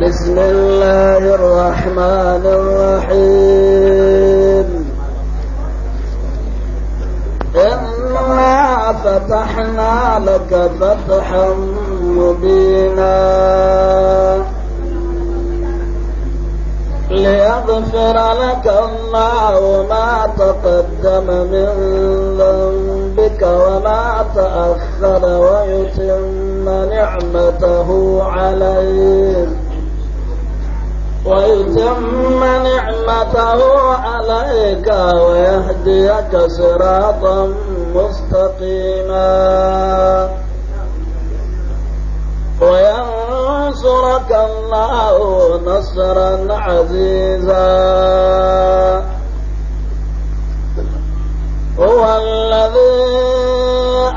بسم الله الرحمن الرحيم إنا فتحنا لك فتحا مبينا ليغفر لك الله ما تقدم من ذنبك وما تأخر ويتم نعمته عليك ويتم نعمته عليك ويهديك صراطا مستقيما وينصرك الله نصرا عزيزا هو الذي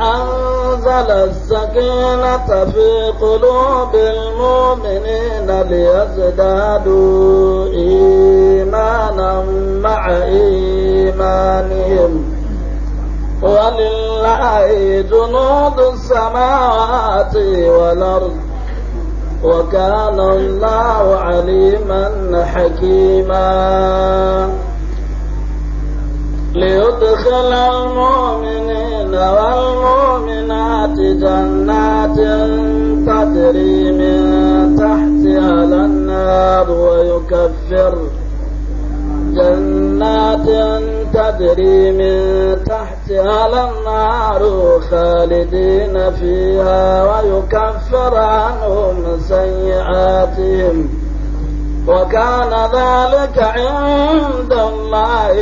أنصر أنزل السكينة في قلوب المؤمنين ليزدادوا إيمانا مع إيمانهم ولله جنود السماوات والأرض وكان الله عليما حكيما ليدخل المؤمنين والمؤمنات جنات تجري من تحتها الأنهار ويكفر جنات تجري من تحتها الأنهار خالدين فيها ويكفر عنهم سيئاتهم وكان ذلك عند الله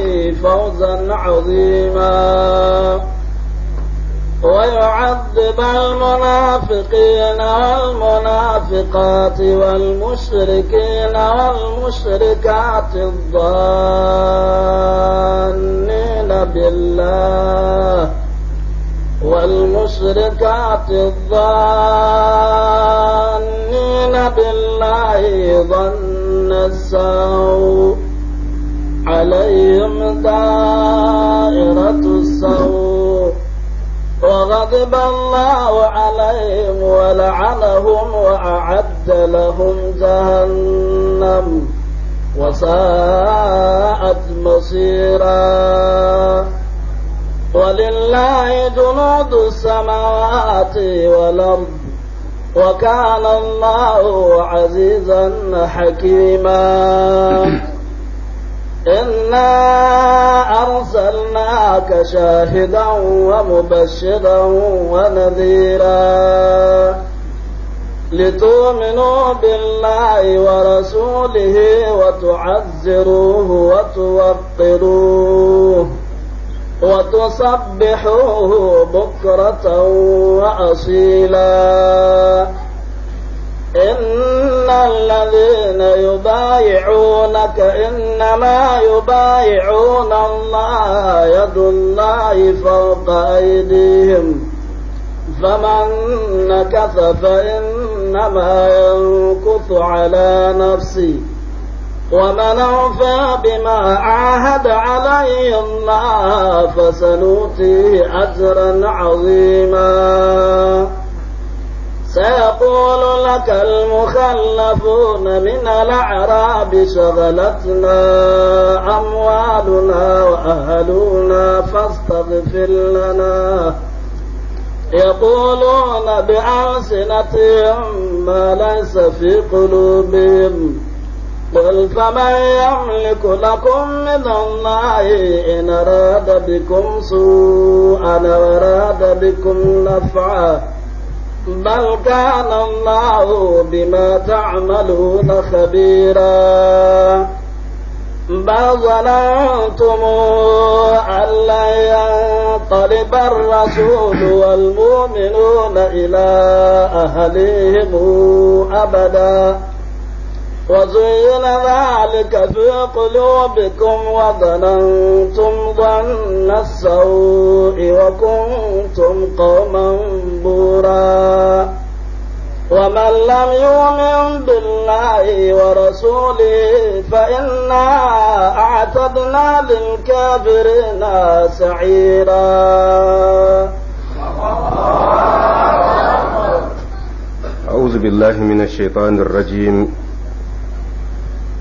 فوزا عظيما ويعذب المنافقين والمنافقات والمشركين والمشركات الظانين بالله والمشركات الظانين بالله ظن نساء عليهم دائرة السوء وغضب الله عليهم ولعنهم وأعد لهم جهنم وساءت مصيرا ولله جنود السماوات والأرض وكان الله عزيزا حكيما إنا أرسلناك شاهدا ومبشرا ونذيرا لتؤمنوا بالله ورسوله وتعزروه وتوقروه وتصبحوه بكرة وأصيلا إن الذين يبايعونك إنما يبايعون الله يد الله فوق أيديهم فمن نكث فإنما ينكث على نفسه ومن أوفى بما عاهد عليه الله فسنؤتيه أجرا عظيما سيقول لك المخلفون من الأعراب شغلتنا أموالنا وأهلنا فاستغفر لنا يقولون بألسنتهم ما ليس في قلوبهم قل فمن يملك لكم من الله إن أراد بكم سوءا وراد بكم نفعا بل كان الله بما تعملون خبيرا بل ظننتم أن لن ينقلب الرسول والمؤمنون إلى أهليهم أبدا وزين ذلك في قلوبكم وظننتم ظن السوء وكنتم قوما بورا ومن لم يؤمن بالله ورسوله فإنا أعتدنا للكافرين سعيرا أعوذ بالله من الشيطان الرجيم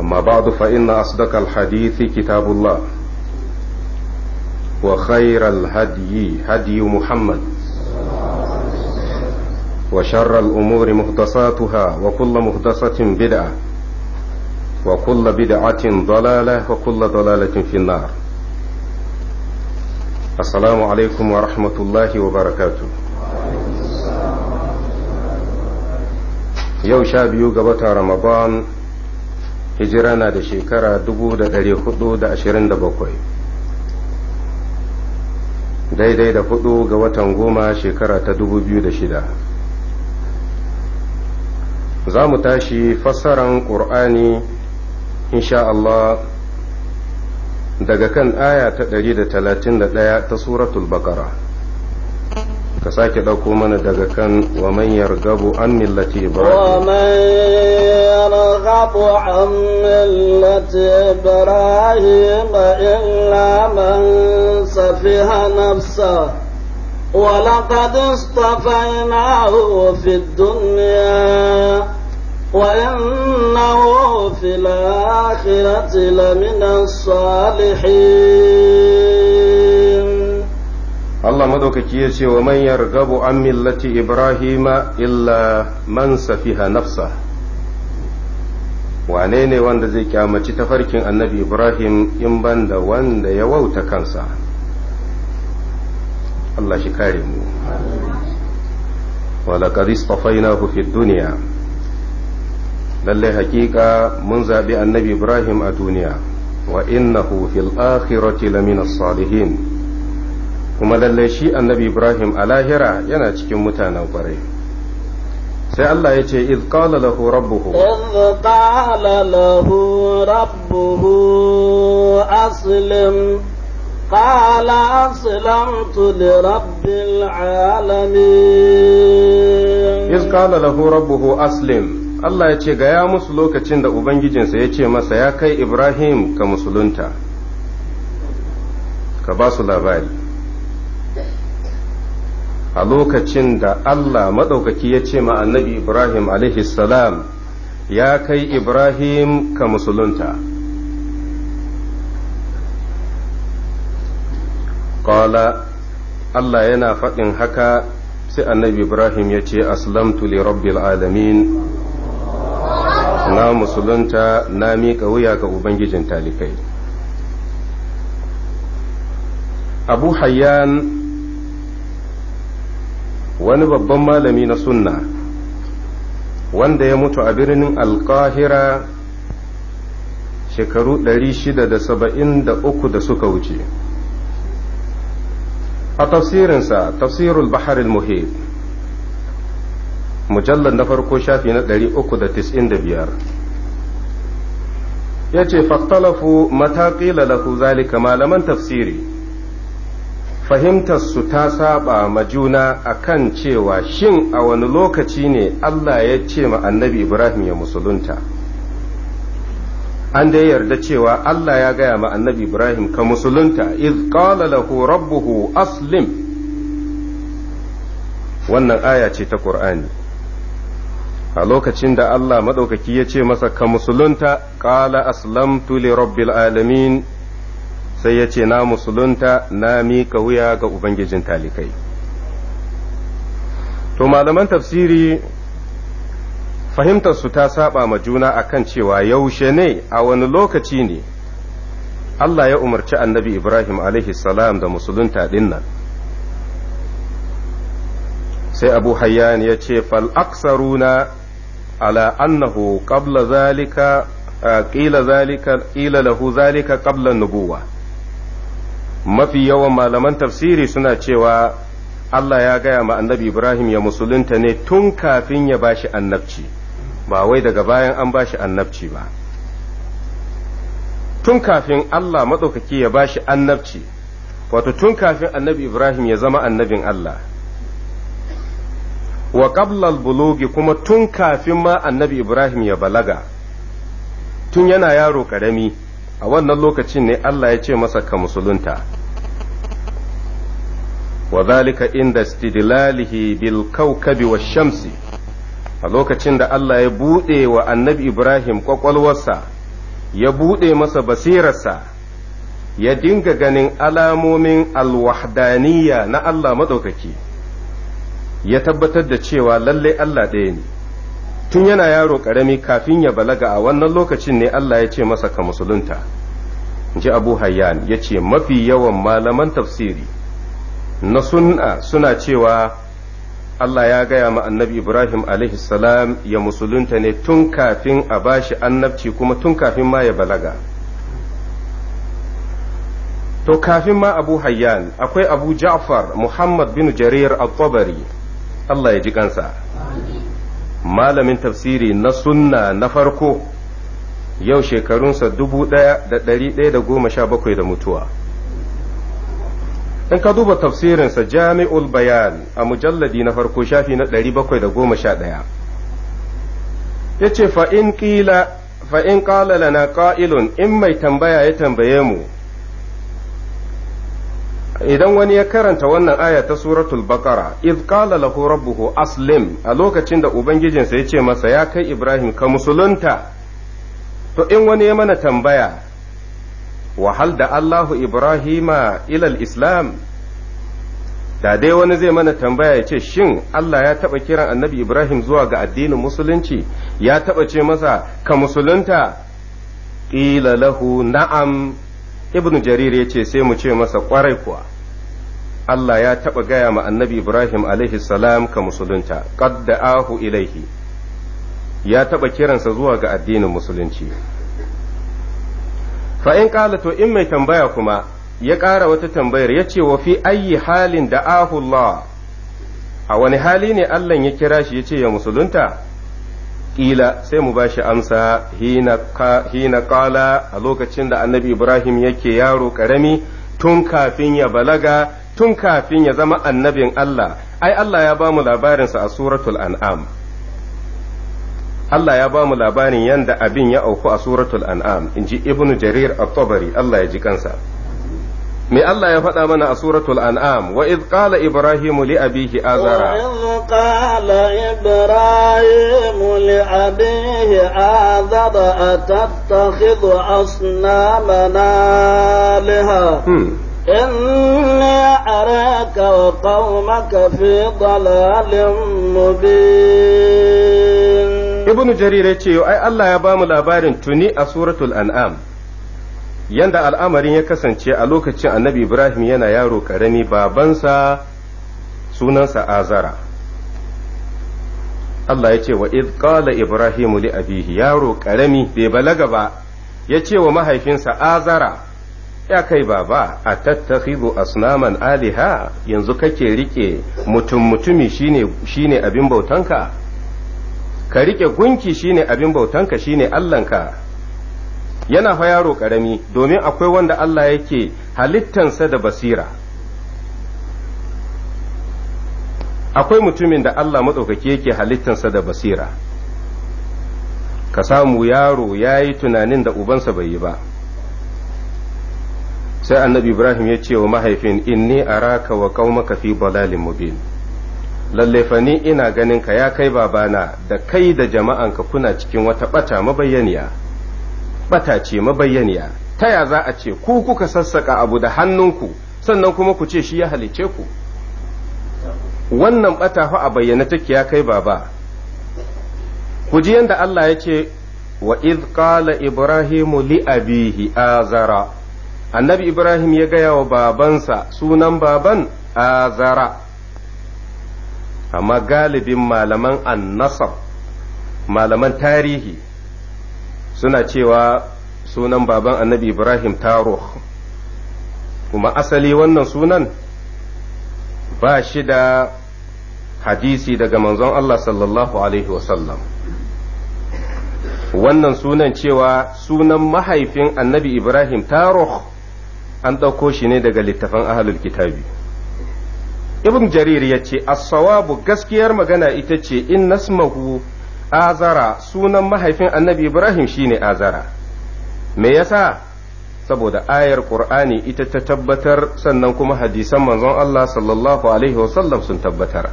أما بعد فإن أصدق الحديث كتاب الله وخير الهدي هدي محمد وشر الأمور مهدساتها وكل مهدسة بدعة وكل بدعة ضلالة وكل ضلالة في النار السلام عليكم ورحمة الله وبركاته يوم شاب قبطة رمضان hijira na da shekara 427 daidai da hudu ga watan goma shekara ta 2006 za mu tashi fassaran ƙur'ani insha Allah daga kan aya ta 131 ta suratul bakara ka sake ɗauko mana daga kan wa man yargabu an millati ibrahim wa man yarghabu an millati ibrahim illa man safiha nafsa ولقد اصطفيناه في الدنيا وإنه في الآخرة لمن الصالحين Allah madaukaki ya ce wa man yargabu an millati Ibrahima illa man safiha nafsa wane ne wanda zai kyamaci tafarkin annabi Ibrahim in banda wanda ya wauta kansa Allah shi kare mu wa laqad istafainahu fid dunya hakika mun zaɓi annabi Ibrahim a duniya wa innahu fil akhirati lamina salihin kuma lallai shi annabi ibrahim a lahira yana cikin mutanen kwarai sai Allah ya ce iz qala lahu rabbuhu iz qala lahu rabbuhu aslim قال أسلمت لرب العالمين إذ قال له ربه aslim Allah ya ce ga ya musu lokacin da Ubangijinsa ya ce masa ya kai Ibrahim ka musulunta, ka ba su labari. a lokacin da Allah maɗaukaki ya ce ma annabi Ibrahim alaihi salam ya kai Ibrahim ka musulunta. Ƙwala Allah yana faɗin haka sai annabi Ibrahim ya ce aslamtu li rabbil alamin na musulunta na miƙa wuya ga Ubangijin talikai. Abu Hayyan wani babban malami na sunna wanda ya mutu a birnin alkahira shekaru 673 da suka wuce a tafsirinsa tafsirul baharil muhid mujallar na farko shafi na 395 ya ce faktalafu mataƙila lahu zalika malaman tafsiri fahimtarsu ta saba ma juna kan cewa shin a wani lokaci ne Allah ya ce ma annabi Ibrahim ya musulunta an dai yarda cewa Allah ya gaya ma annabi Ibrahim ka musulunta iz qala lahu rabbuhu aslim wannan aya ce ta Qur'ani a lokacin da Allah maɗaukaki ya ce masa ka musulunta ƙala aslamtu li rabbil alamin sai ya ce na musulunta na miƙa wuya ga ubangijin talikai to malaman tafsiri fahimtarsu ta saba ma juna akan cewa yaushe ne a wani lokaci ne Allah ya umarci annabi Ibrahim alaihi salam da musulunta dinnan sai abu hayyan ya ce fal'aksaruna ala annahu qabla zalika qila zalika qila lahu zalika qabla nubuwa mafi yawan malaman tafsiri suna cewa Allah ya gaya ma annabi Ibrahim ya musulunta ne tun kafin ya bashi annabci ba wai daga bayan an bashi annabci ba tun kafin Allah maɗaukaki ya bashi annabci wato tun kafin annabi Ibrahim ya zama annabin Allah wa qablal bulugi kuma tun kafin ma annabi Ibrahim ya balaga tun yana yaro ƙarami a wannan lokacin ne Allah ya ce masa ka musulunta wa zalika inda istidlalihi bil kawkabi wa shamsi a lokacin da Allah ya buɗe wa annabi Ibrahim ƙwaƙwalwarsa ya buɗe masa basirarsa ya dinga ganin alamomin alwahdaniya na Allah maɗaukaki ya tabbatar da cewa lallai Allah ɗaya ne tun yana yaro ƙarami kafin ya balaga a wannan lokacin ne Allah ya ce masa ka musulunta ji abu hayyan ya ce mafi yawan malaman tafsiri na sun'a suna cewa Allah ya gaya ma annabi Ibrahim salam ya musulunta ne tun kafin a bashi annabci kuma tun kafin ma ya balaga to kafin ma abu hayyan akwai abu ja'far muhammad bin jarir al-tabari Allah ya ji kansa malamin tafsiri na sunna na farko yau shekarunsa dubu ɗaya da ɗari ɗaya da goma sha bakwai da mutuwa in ka duba tafsirinsa jami'ul bayan a mujalladi na farko shafi na ɗari bakwai da goma sha ɗaya ya ce fa'in ƙila fa'in ƙalala na ƙa'ilun in mai tambaya ya tambaye mu idan wani ya karanta wannan aya ta suratul baqara id qala lahu rabbuhu aslim a lokacin da ubangijinsa ya ce masa ya kai ibrahim ka musulunta to in wani ya mana tambaya wahal da allahu ibrahima ilal islam da dai wani zai mana tambaya ya ce shin allah ya taba kiran annabi ibrahim zuwa ga addinin musulunci ya taba ce masa ka musulunta qila lahu na'am ibnu jarir ya ce sai mu ce masa kwarai kuwa Allah ya taɓa gaya ma annabi Ibrahim alaihi salam ka musulunta qad da'ahu ilaihi ya taɓa kiransa zuwa ga addinin musulunci fa in ƙala to in mai tambaya kuma ya ƙara wata tambayar ya ce wa fi ayyi halin da'ahu Allah a wani hali ne Allah ya kira shi ya ce ya musulunta ƙila sai mu bashi amsa hina ƙala a lokacin da annabi ibrahim yake yaro ƙarami tun kafin ya balaga tun kafin ya zama annabin allah ai allah ya ba mu labarinsa a suratul an'am allah ya ba mu labarin yadda abin ya auku a suratul an'am in ji ibnu jarir at-tabari allah ya ji kansa Me Allah ya faɗa mana a suratul an'am wa idh qala ibrahimu li abihi azara wa idh qala ibrahimu li abihi azara atattakhidhu asnamana laha hmm. inni araka wa qaumaka fi dalalin mubin Ibn Jarir ya ce ai Allah ya bamu labarin tuni a suratul an'am yanda al'amarin ya kasance a lokacin annabi ibrahim yana yaro karami babansa sunansa azara Allah ya ce wa id qala Ibrahim li abihi yaro karami bai balaga ba ya ce wa mahaifinsa azara ya kai baba a tattakhidhu asnaman aliha yanzu kake rike mutum mutumi shine abin bautanka ka rike gunki shine abin bautanka shine allahnka yana fa yaro karami domin akwai wanda Allah yake halittansa da basira akwai mutumin da Allah maɗaukaki yake halittansa da basira ka samu yaro ya yi tunanin da ubansa bai yi ba sai annabi ibrahim ya ce wa mahaifin inni araka wa qaumaka fi balalin mubin lalle ina ganin ka ya kai babana da kai da jama'anka kuna cikin wata bata mabayyaniya bata ce mabayyaniya ta ya za a ce ku kuka sassaka abu da hannunku sannan kuma ku ce shi ya halice ku wannan bata fa a bayyana take ya kai baba ku ji yadda Allah ya ce wa iz qala ibrahimu li abihi azara annabi ibrahim ya gaya wa babansa sunan baban azara amma galibin malaman annasab malaman tarihi suna cewa sunan baban annabi ibrahim taruh kuma asali wannan sunan ba shi da hadisi daga manzon allah sallallahu alaihi wasallam wannan sunan cewa sunan mahaifin annabi ibrahim taruh an ɗauko shi ne daga littafin ahalul kitabi ibn jarir ya ce as-sawabu gaskiyar magana ita ce in nasmahu azara sunan mahaifin annabi ibrahim shine azara me yasa saboda ayar qur'ani ita ta tabbatar sannan kuma hadisan manzon Allah sallallahu alaihi wasallam sun tabbatar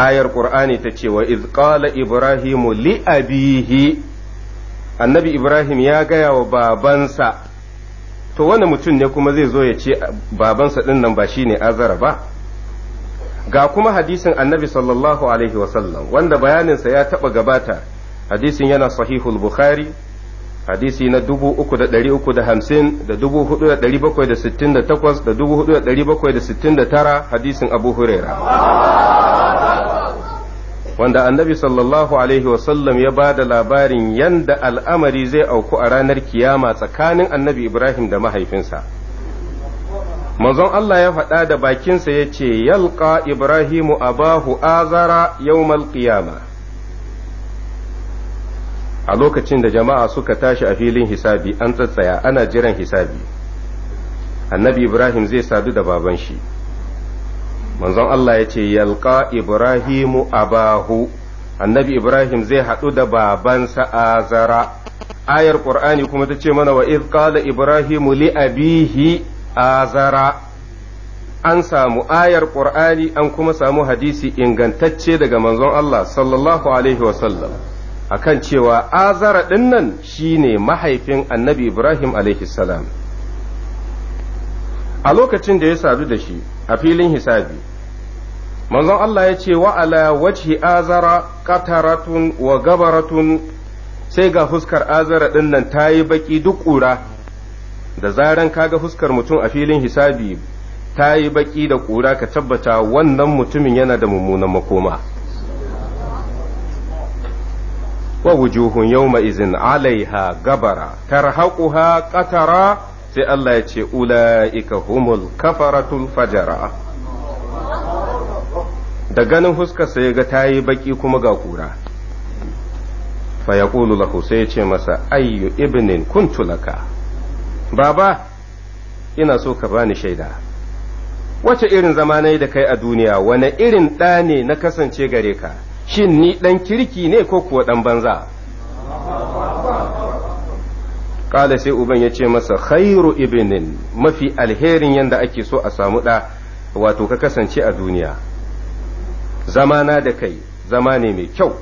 ayar qur'ani ta ce wa iz qala ibrahimu li abihi annabi ibrahim ya gaya wa babansa to wani mutum ne kuma zai zo ya ce babansa dinnan nan ba shine azara ba ga kuma hadisin annabi sallallahu alaihi wasallam wanda bayaninsa ya taɓa gabata hadisin yana sahihul bukhari hadisi na dubu uku da uku da hamsin da da da da da da da da dubu dubu hudu hudu bakwai bakwai sittin sittin takwas tara hadisin abu huraira wanda annabi sallallahu alaihi wasallam ya ba da labarin yanda al'amari zai auku a ranar kiyama tsakanin annabi ibrahim da mahaifinsa manzon Allah ya faɗa da bakinsa ya ce Yalƙa ibrahimu abahu azara yau qiyama a lokacin da jama'a suka tashi a filin hisabi an tsatsaya ana jiran hisabi annabi ibrahim zai sadu da baban shi manzon Allah ya ce Yalƙa ibrahimu abahu annabi ibrahim zai haɗu da babansa azara ayar ƙur'ani kuma ta ce mana wa iz qala ibrahimu li abihi azara an samu ayar ƙur'ani an kuma samu hadisi ingantacce daga manzon Allah sallallahu alaihi wasallam akan cewa azara dinnan shi ne mahaifin annabi Ibrahim alaihi salam a lokacin da ya sadu da shi a filin hisabi manzon Allah ya ce wa'ala wajhi azara qataratun wa gabaratun sai ga fuskar azara dinnan nan ta yi baƙi duk ƙura da zaran kaga fuskar mutum a filin hisabi ta yi baki da ƙura ka tabbata wannan mutumin yana da mummunan makoma wa wujuhun yau izin alaiha gabara tarhaquha qatara sai Allah ya ce ulaika humul kafaratul fajara da ganin fuskar sa ga ta yi baki kuma ga ƙura fa yaqulu lahu sai ya ce masa ayyu ibnin kuntulaka laka baba ina so ka bani shaida wace irin zama na da kai a duniya wane irin ɗa ne na kasance gare ka shin ni ɗan kirki ne ko kuwa ɗan banza ƙala sai uban ya ce masa khairu ibnin mafi alherin yadda ake so a samu ɗa wato ka kasance a duniya zama na da kai zama ne mai kyau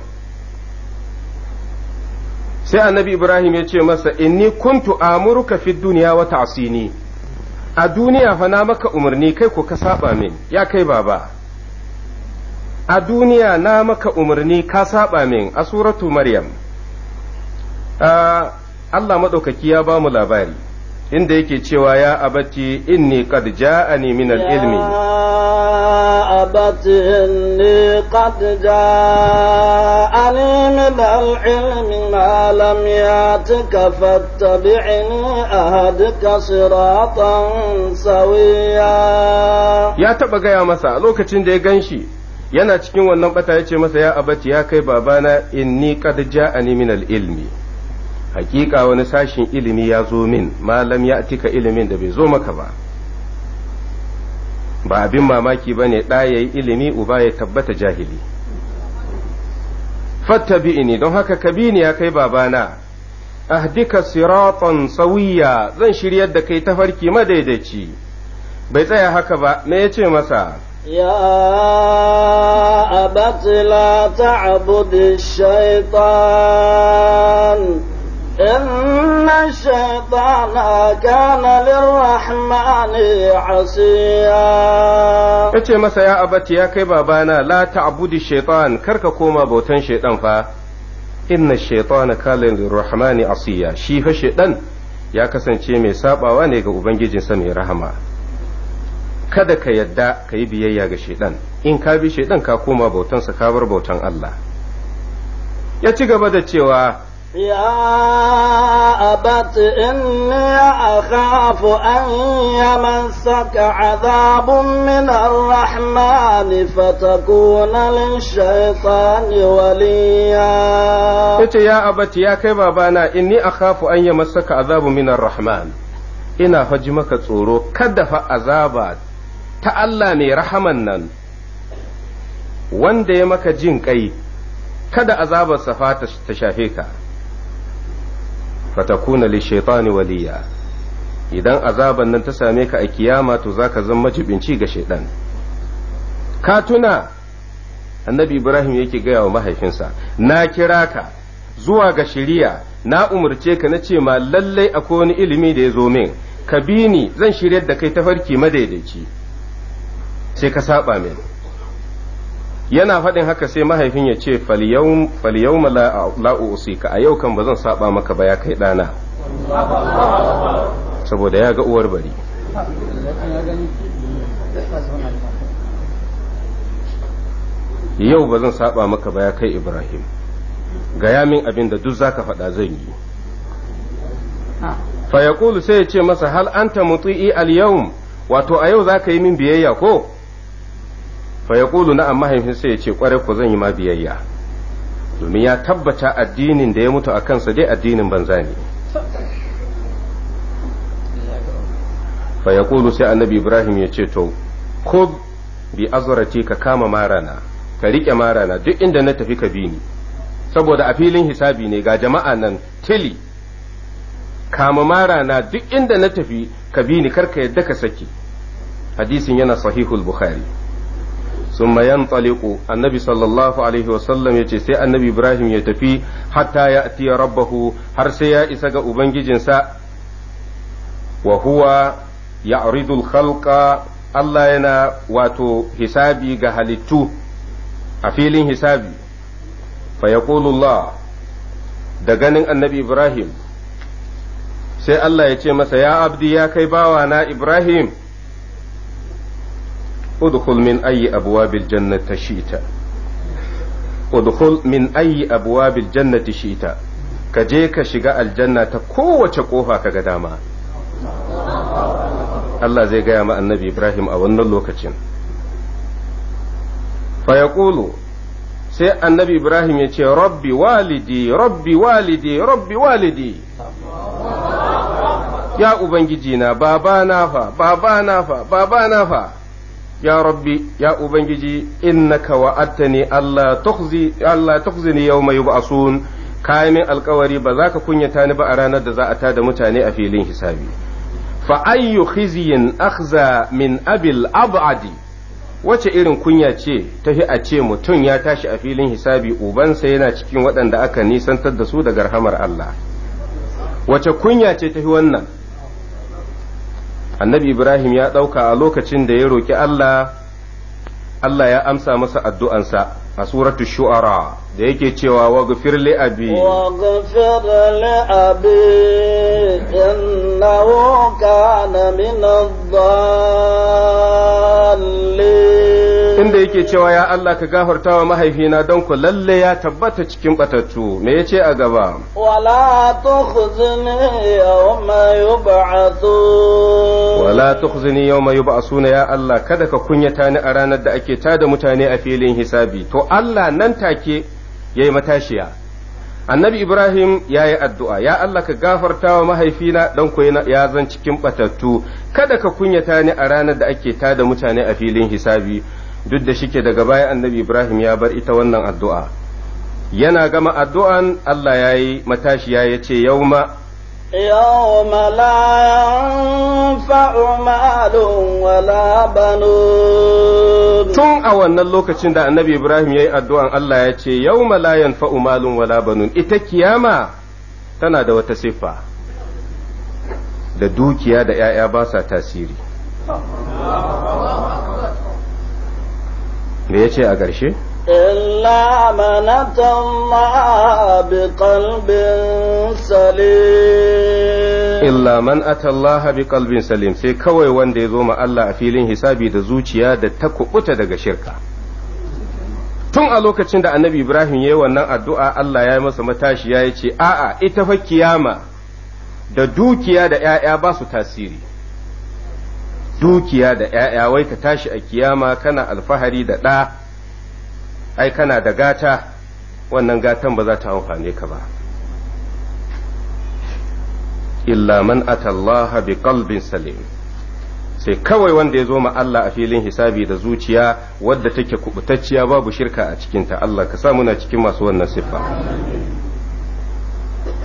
sai annabi ibrahim ya ce masa inni kuntu amuruka fi duniya wa ta'sini a duniya fa na maka umarni kai ko ka saba min ya kai baba a duniya na maka umarni ka saba min a suratu maryam ah, Allah maɗaukaki ya ba mu labari inda yake cewa ya abati inni qad ja'ani min al-ilmi ya abati inni qad ja'ani min al-ilmi ma lam yatika fattabi'ni ahadika siratan sawiya ya taba gaya masa a lokacin da ya ganshi yana cikin wannan bata yace masa ya abati ya kai babana inni qad ja'ani min al-ilmi hakika wani sashin ilimi ya zo min malam ya tika ilimin da bai zo maka ba ba abin mamaki ba ne ɗa ya yi ilimi uba ya tabbata jahili fattabi'ini don haka ka bi ya kai babana ahdika siratan sawiya zan shiryar da kai tafarki madaidaici bai tsaya haka ba me ya ce masa Ya ta لا تعبد shaitan. إن الشيطان كان للرحمن عصيا yace masa ya abati ya kai babana la ta'budi Kar ka koma bautan shaitan fa inna shaitana kana lirrahmani asiya shi fa shaitan ya kasance mai sabawa ne ga ubangijinsa mai rahama kada ka yadda ka yi biyayya ga shaidan in ka bi shaidan ka koma bautansa ka bar bautan Allah ya ci gaba da cewa يا أبت إني أخاف أن يمسك عذاب من الرحمن فتكون للشيطان وليا يا أبت يا كيما بانا إني أخاف أن يمسك عذاب من الرحمن ina faji maka tsoro kada fa azaba ta Allah mai rahaman nan wanda ya maka jin kai kada sa fata ta shafe ka fatakuna shaitani waliya idan azaban nan ta same ka a kiyama to zaka zama majibinci ga shaidan ka tuna annabi ibrahim yake gaya wa mahaifinsa na kira ka zuwa ga shiriya na umarce ka na ce ma lallai akwai wani ilimi da ya zo min ka bi ni zan shiryar da kai tafarki madaidaici sai ka saba min yana faɗin haka sai mahaifin ya ce falyawma la usika a yau kan ba zan saba maka ba ya kai ɗana saboda ya ga uwar bari yau ba zan saba maka ba ya kai ibrahim gaya min abin da duk zaka faɗa zan yi fa yaqulu sai ya ce masa hal anta muti'i al yawm wato a yau zaka yi min biyayya ko fa na na'am mahaifinsa ya ce kware ku zan yi ma biyayya domin ya tabbata addinin da ya mutu a kansa dai addinin banza ne fa sai annabi ibrahim ya ce to ko bi azrati ka kama marana ka rike marana duk inda na tafi ka bi saboda a filin hisabi ne ga jama'a nan tili kama marana duk inda na tafi ka bini ni karka yadda ka saki hadisin yana sahihul bukhari ثم ينطلق النبي صلى الله عليه وسلم يتي سي النبي إبراهيم يتفي حتى يأتي ربه هر سيا إسقى أبنجنسا وهو يعرض الخلق الله ينا واتو حسابي جهلتو أفيلين حسابي فيقول الله دغنن النبي إبراهيم sai Allah ya ce masa ya abdi ya kai bawana Ibrahim udkhul min ayi abwabil jannati shi'ta udkhul min jannati shi'ta ka je ka shiga aljanna ta kowace kofa kaga dama Allah zai gaya ma annabi Ibrahim a wannan lokacin Fayakulu sai annabi Ibrahim ya ce rabbi walidi rabbi walidi rabbi walidi ya ubangiji na baba fa baba fa baba fa ya rabbi ya ubangiji innaka wa'adtani Allah tukhzi Allah tukhzini yawma yub'asun kai min alkawari ba za ka kunyata ni ba a ranar da za a tada mutane a filin hisabi fa ayyu khizyin akhza min abil abadi wace irin kunya ce tafi a ce mutum ya tashi a filin hisabi ubansa yana cikin waɗanda aka nisantar da su daga rahamar Allah wace kunya ce tafi wannan annabi ibrahim ya ɗauka a lokacin da ya roki allah allah ya amsa masa addu'ansa a suratu shu'ara da yake cewa wa gafir li abi wa gafir li abi innahu kana min adh-dhalin yake cewa ya Allah ka gafarta wa mahaifina don ku lalle ya tabbata cikin batattu me yace a gaba wala tukhzini yawma yub'athun wala tukhzini yawma yub'athuna ya Allah kada ka kunyata ni a ranar da ake tada mutane a filin hisabi to Allah nan take yayi matashiya annabi ibrahim ya yi addu'a ya Allah ka gafarta wa mahaifina don ku ya zan cikin batattu kada ka kunyata ni a ranar da ake tada mutane a filin hisabi duk da shike daga baya annabi Ibrahim ya bar ita wannan addu'a yana gama addu'an Allah ya yi matashiya ya ce yauma يوم لا ينفع wala ولا tun a wannan lokacin da annabi Ibrahim ya yi addu'an Allah ya ce ma la fa'u malun wala banun ita kiyama tana da wata siffa da dukiya da ‘ya'ya ba sa tasiri me ya ce a ƙarshe Illa manatan bi kalbin Salim. سليم man atallaha bi kalbin Salim sai kawai wanda ya zo ma Allah a filin hisabi da zuciya da ta kubuta daga shirka tun a lokacin da annabi Ibrahim ya yi wannan addu'a Allah ya yi masa matashi ya ce a'a ita fa kiyama da dukiya da ‘ya'ya ba su tasiri dukiya da ‘ya'ya wai ka tashi a kiyama kana alfahari da ɗa ai kana da gata wannan gatan ba za ta amfane ka ba illa man atallaha bi qalbin salim sai kawai wanda ya zo ma Allah a filin hisabi da zuciya wadda take kubutacciya babu shirka a cikinta Allah ka sa muna cikin masu wannan siffa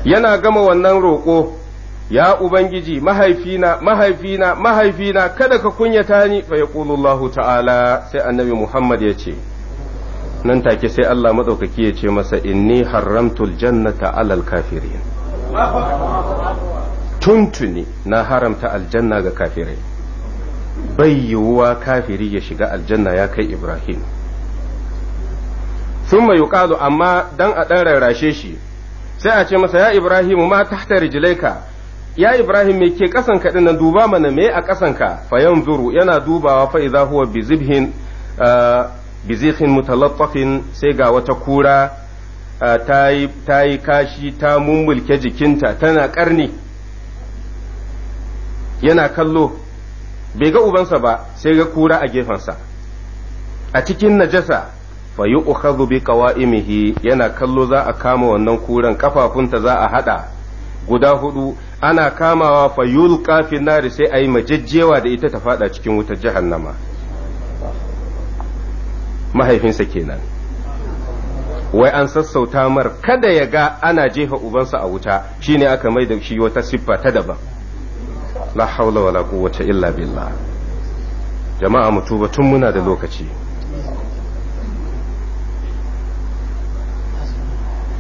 yana gama wannan roƙo ya ubangiji mahaifina mahaifina mahaifina kada ka kunyata ni fa yaqulu ta'ala sai annabi Muhammad ya ce nan take sai Allah maɗaukaki ya ce masa inni haramtul jannata alal kafirin tuntuni na haramta aljanna ga kafirai bai yiwuwa kafiri ya shiga aljanna ya kai Ibrahim thumma yuqalu amma dan a ɗan rarrashe shi sai a ce masa ya Ibrahim ma tahta rijlaika ya Ibrahim me ke kasan ka duba mana me a kasan ka fa yanzuru yana dubawa fa idza huwa bi zibhin eh, mutalattafin sai ga wata kura eh, ta yi kashi ta mummulke jikinta tana karni yana kallo bai ga ubansa ba sai ga kura a gefensa a cikin najasa fa yi bi qawa'imihi yana kallo za a kama wannan kuran kafafunta za a haɗa. guda hudu ana kamawa fa yulqa fi nari sai ayi majajjewa da ita ta fada cikin wutar jahannama mahaifinsa kenan wai an sassauta mar kada ya ga ana jefa ubansa a wuta shine aka mai da shi wata siffa ta daban la haula wala quwwata illa billah jama'a mu tun muna da lokaci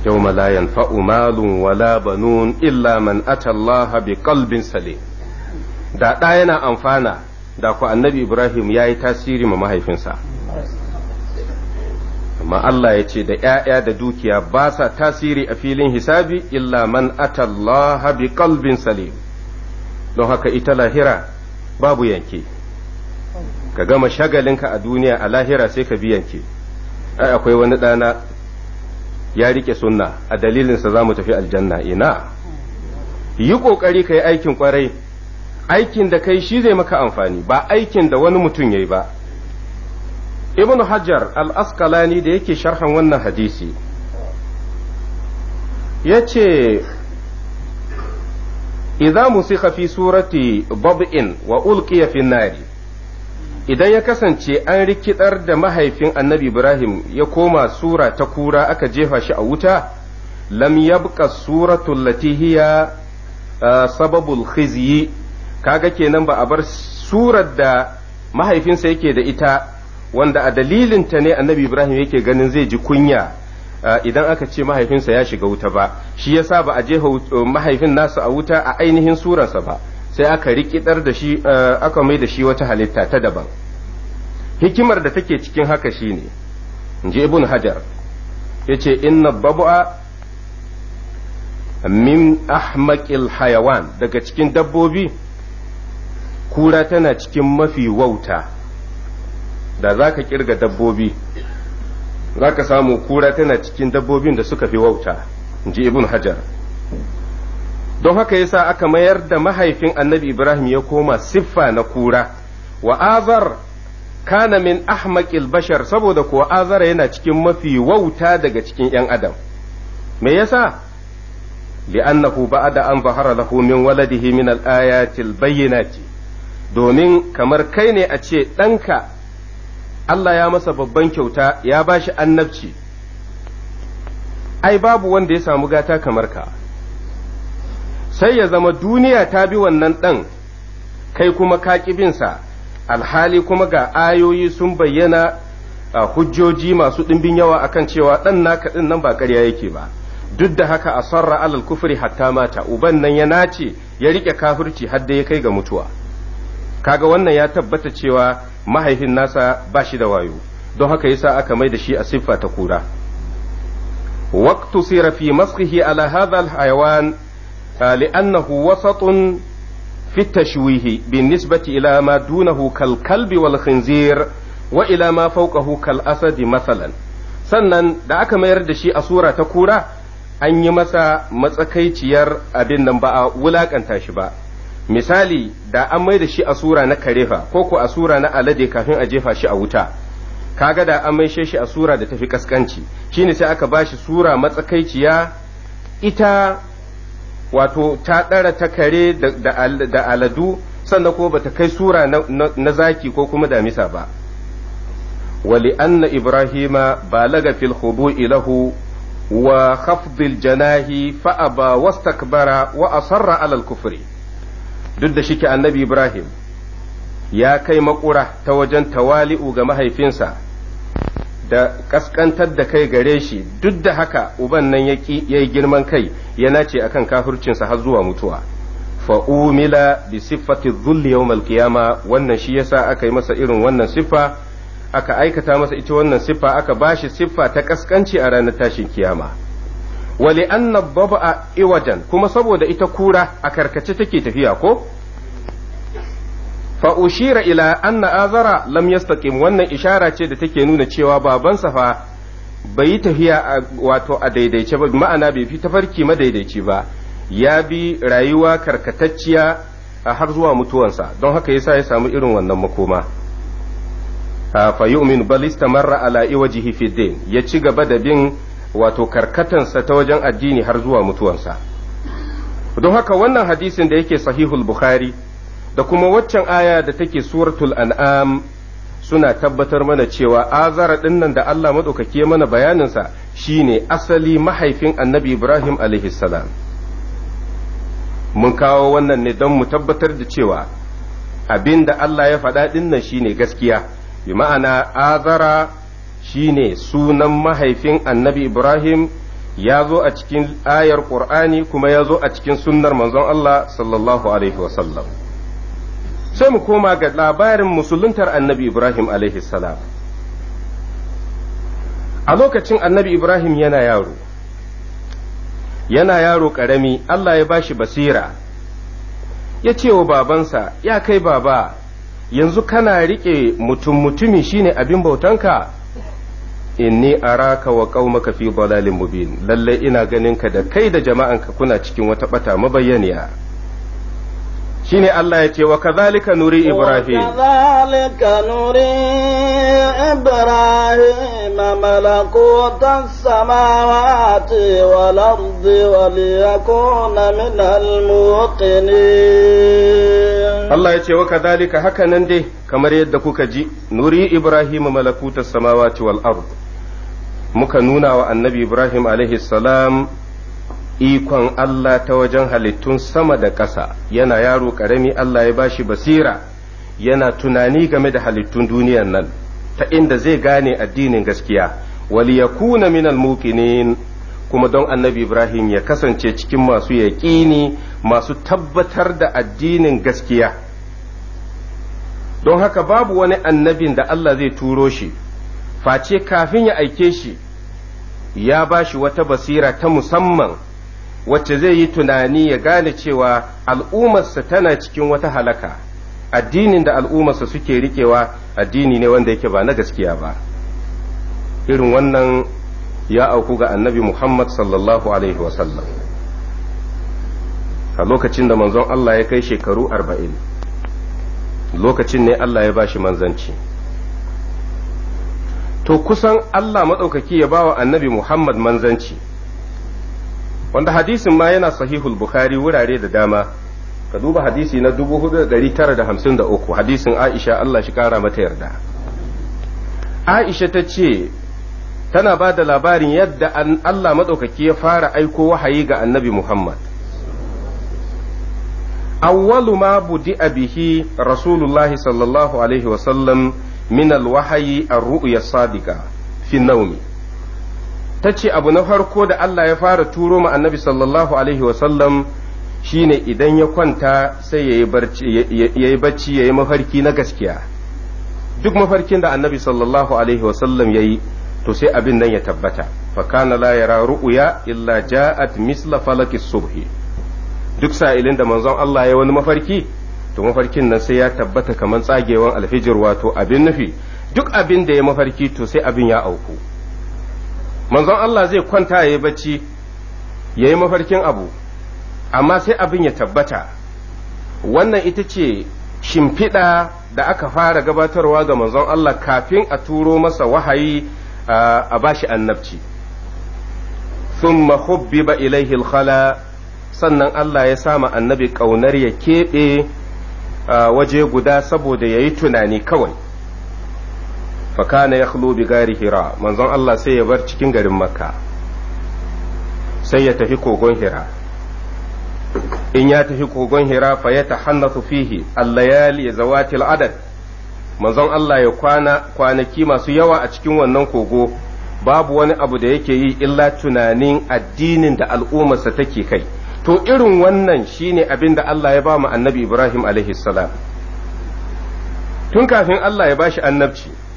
يوم لا ينفع مال ولا بنون إلا من أتى الله بقلب سليم da ɗa yana amfana da ku annabi Ibrahim ya yi tasiri ma mahaifinsa amma Allah ya ce da ‘ya'ya da dukiya ba sa tasiri a filin hisabi illa man atallaha bi qalbin don haka ita lahira babu yanke ka gama shagalinka a duniya a lahira sai ka bi yanke ai akwai wani ɗana ya rike sunna a dalilinsa za mu tafi aljanna ina yi ƙoƙari ka yi aikin ƙwarai aikin da kai shi zai maka amfani ba aikin da wani mutum ya yi ba ibn hajar al askalani da yake sharhan wannan hadisi ya ce idza musiqa fi surati bab'in wa ulqiya fi idan ya kasance an rikidar da mahaifin annabi ibrahim ya koma sura ta kura aka jefa shi a wuta lam yabqa suratul lati hiya sababul khizyi kaga kenan ba a bar surar da mahaifinsa yake da ita wanda a dalilin ta ne annabi ibrahim yake ganin zai ji kunya idan aka ce mahaifinsa ya shiga wuta ba shi yasa ba a jefa uh, mahaifin nasu a wuta a ainihin surarsa ba sai aka rikidar da shi eh, aka mai da shi wata halitta ta daban hikimar da take cikin haka shine inji ibn hajar yace inna bab'a min ahmaqil hayawan daga cikin dabbobi kura tana cikin mafi wauta da zaka kirga dabbobi zaka samu kura tana cikin dabbobin da suka fi wauta inji ibn hajar don haka yasa aka mayar da mahaifin annabi ibrahim ya koma siffa na kura wa azar kana min ahmaqil bashar saboda kuwa azara yana cikin mafi wauta daga cikin yan adam me yasa li'annahu ba'da an zahara lahu min waladihi min al-ayatil bayyinati domin kamar kai ne a ce ɗanka Allah ya masa babban kyauta ya ba shi annabci ai babu wanda ya samu gata kamar ka sai ya zama duniya ta bi wannan ɗan kai kuma ka binsa alhali kuma ga ayoyi sun bayyana a hujjoji masu ɗimbin yawa akan cewa ɗan naka ɗin nan ba ƙarya yake ba duk da haka a sarra alal kufri hatta mata uban nan ya nace ya riƙe kafirci har da ya kai ga mutuwa kaga wannan ya tabbata cewa mahaifin nasa ba shi da wayo don haka yasa aka mai da shi a siffa ta kura waqtu sira fi masqihi ala hadha al لأنه وسط في التشويه بالنسبة إلى ما دونه كالكلب والخنزير وإلى ما فوقه كالأسد مثلا sannan da aka mayar da shi a sura ta kura an yi masa matsakaiciyar abin nan ba a wulakanta shi ba misali da an mai da shi a sura na karefa ko ko a sura na alade kafin a jefa shi a wuta kaga da an maishe shi a sura da tafi kaskanci shine sai aka bashi sura matsakaiciya ita wato ta ɗara ta kare da aladu sannan ba bata kai sura na zaki ko kuma damisa ba wali anna ibrahima balaga fil hudu ilahu wa khafdil janahi fa'aba wastakbara wa asarra alal kufri duk da shike annabi ibrahim ya kai makura ta wajen tawali'u ga mahaifinsa da kaskantar da kai gare shi duk da haka uban nan ya yi girman kai ya nace akan kafircinsa har zuwa mutuwa fa'umila bi siffati zulli yawmal qiyama wannan shi yasa aka yi masa irin wannan siffa aka aikata masa ita wannan siffa aka bashi siffa ta kaskanci a ranar tashin kiyama li anna bab'a iwajan kuma saboda ita kura a karkace take tafiya ko fa ushira ila anna azara lam yastaqim wannan ishara ce da take nuna cewa babansa fa bai tafiya wato a daidaice ba ma'ana bai fi tafarki madaidaici ba ya bi rayuwa karkatacciya a har zuwa mutuwansa don haka yasa ya samu irin wannan makoma fa yu'minu bal istamarra ala iwajihi fi din ya ci gaba da bin wato karkatansa ta wajen addini har zuwa mutuwansa don haka wannan hadisin da yake sahihul bukhari da kuma waccan aya da take suratul an'am suna tabbatar mana cewa azara ɗinnan da Allah madaukake mana bayaninsa shine asali mahaifin annabi Ibrahim salam mun kawo wannan ne don mu tabbatar da cewa abin da Allah ya faɗa ɗinnan shine gaskiya bi ma'ana azara shine sunan mahaifin annabi Ibrahim ya zo a cikin ayar Qur'ani kuma ya zo a cikin sunnar manzon Allah sallallahu alaihi wasallam sai mu koma ga labarin musuluntar annabi Ibrahim alaihi salam a lokacin annabi Ibrahim yana yaro yana yaro ƙarami Allah ya bashi basira ya ce wa babansa ya kai baba yanzu kana riƙe mutum mutumi shine abin bautanka inni araka wa qaumaka fi dalalin mubin lalle ina ganin ka da kai da jama'anka kuna cikin wata bata mabayyaniya shine Allah ya ce wa kazalika nuri ibrahim kazalika nuri ibrahim malakutas samawati wal ardi wa liyakuna min al muqinin Allah ya ce wa kazalika haka nan dai kamar yadda kuka ji nuri ibrahim malakutas samawati wal ardi muka nuna wa annabi ibrahim alaihi salam ikon Allah ta wajen halittun sama da ƙasa yana yaro ƙarami Allah ya bashi basira yana tunani game da halittun duniyar nan ta inda zai gane addinin gaskiya wali kuna minal muqinin kuma don annabi Ibrahim ya kasance cikin masu yaƙini masu tabbatar da addinin gaskiya don haka babu wani annabin da Allah zai turo shi face kafin ya aike shi ya bashi wata basira ta musamman wacce zai yi tunani ya gane cewa al'ummarsa tana cikin wata halaka addinin da al'ummarsa suke rikewa addini ne wanda yake ba na gaskiya ba irin wannan ya auku ga annabi muhammad sallallahu alaihi wasallam a lokacin da manzon allah ya kai shekaru arba'in lokacin ne allah ya ba shi manzanci to kusan allah maɗaukaki ya bawa annabi muhammad manzanci wanda hadisin ma yana sahihul bukhari wurare da dama ka duba hadisi na 4953 hadisin aisha Allah shi kara mata yarda aisha ta ce tana ba da labarin yadda Allah maɗaukaki ya fara aiko wahayi ga annabi Muhammad. awwalu ma budi'a bihi rasulullahi sallallahu alaihi wasallam min alwahayi ar-ru'ya sadiqa fi naumi ta ce abu na farko da Allah ya fara turo ma annabi sallallahu alaihi wasallam shine idan ya kwanta sai ya yi bacci ya yi mafarki na gaskiya duk mafarkin da annabi sallallahu alaihi wasallam ya yi to sai abin nan ya tabbata fakana la yara ru'uya illa ja'at misla falakis subhi duk sa'ilin da manzon Allah ya wani mafarki to mafarkin nan sai ya tabbata kamar tsagewan alfijir wato abin nufi duk abin da ya mafarki to sai abin ya auku manzon Allah zai kwanta ya yi bacci ya yi mafarkin abu amma sai abin ya tabbata wannan ita ce shimfiɗa da aka fara gabatarwa ga manzon Allah kafin a turo masa wahayi a bashi annabci ثم خبب إليه الخلا sannan Allah ya sama annabi ƙaunar ya keɓe waje guda saboda ya yi tunani kawai fa kana khulu bi gari hira manzon Allah sai ya bar cikin garin makka sai ya tafi kogon hira in ya tafi kogon hira fa ya tahannatu fihi al-layali zawati al-adad manzon Allah ya kwana kwanaki masu yawa a cikin wannan kogo babu wani abu da yake yi illa tunanin addinin da al'ummarsa take kai to irin wannan shine abin da Allah ya ba mu annabi Ibrahim alaihi salam tun kafin Allah ya bashi annabci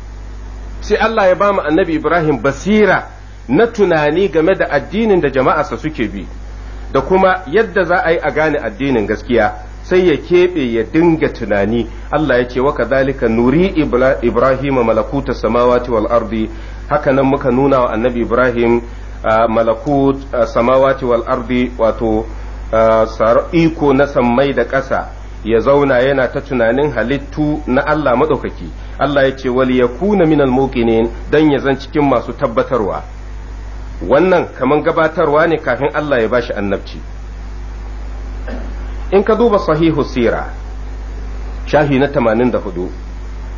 sai Allah ya ba mu annabi Ibrahim basira na tunani game da addinin da jama'arsa suke bi da kuma yadda za a yi a gane addinin gaskiya sai ya keɓe ya dinga tunani Allah ya ce wa dalika nuri Ibrahim malakuta samawati wal ardi haka nan muka nuna wa annabi Ibrahim malakut samawati wal ardi wato iko na sammai da ƙasa ya zauna yana ta tunanin halittu na Allah maɗaukaki Allah ya ce wali ya kuna minal muqinin dan ya zan cikin masu tabbatarwa wannan kamar gabatarwa ne kafin Allah ya bashi annabci in ka duba sahihu sira shahi na 84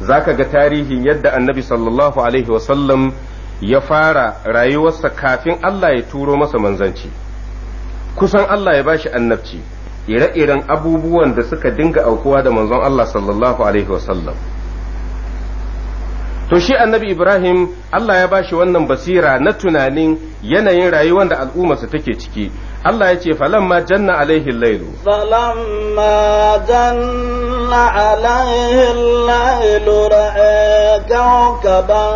zaka ga tarihin yadda annabi sallallahu alaihi wasallam ya fara rayuwarsa kafin Allah ya turo masa manzanci kusan Allah ya bashi annabci ire-iren abubuwan da suka dinga aukuwa da manzon Allah sallallahu alaihi wasallam to shi annabi Ibrahim Allah ya bashi wannan basira na tunanin yanayin rayuwar da al'ummarsa take ciki Allah ya ce falamma janna alaihi lailu falamma janna alaihi lailu ra'a kawkaban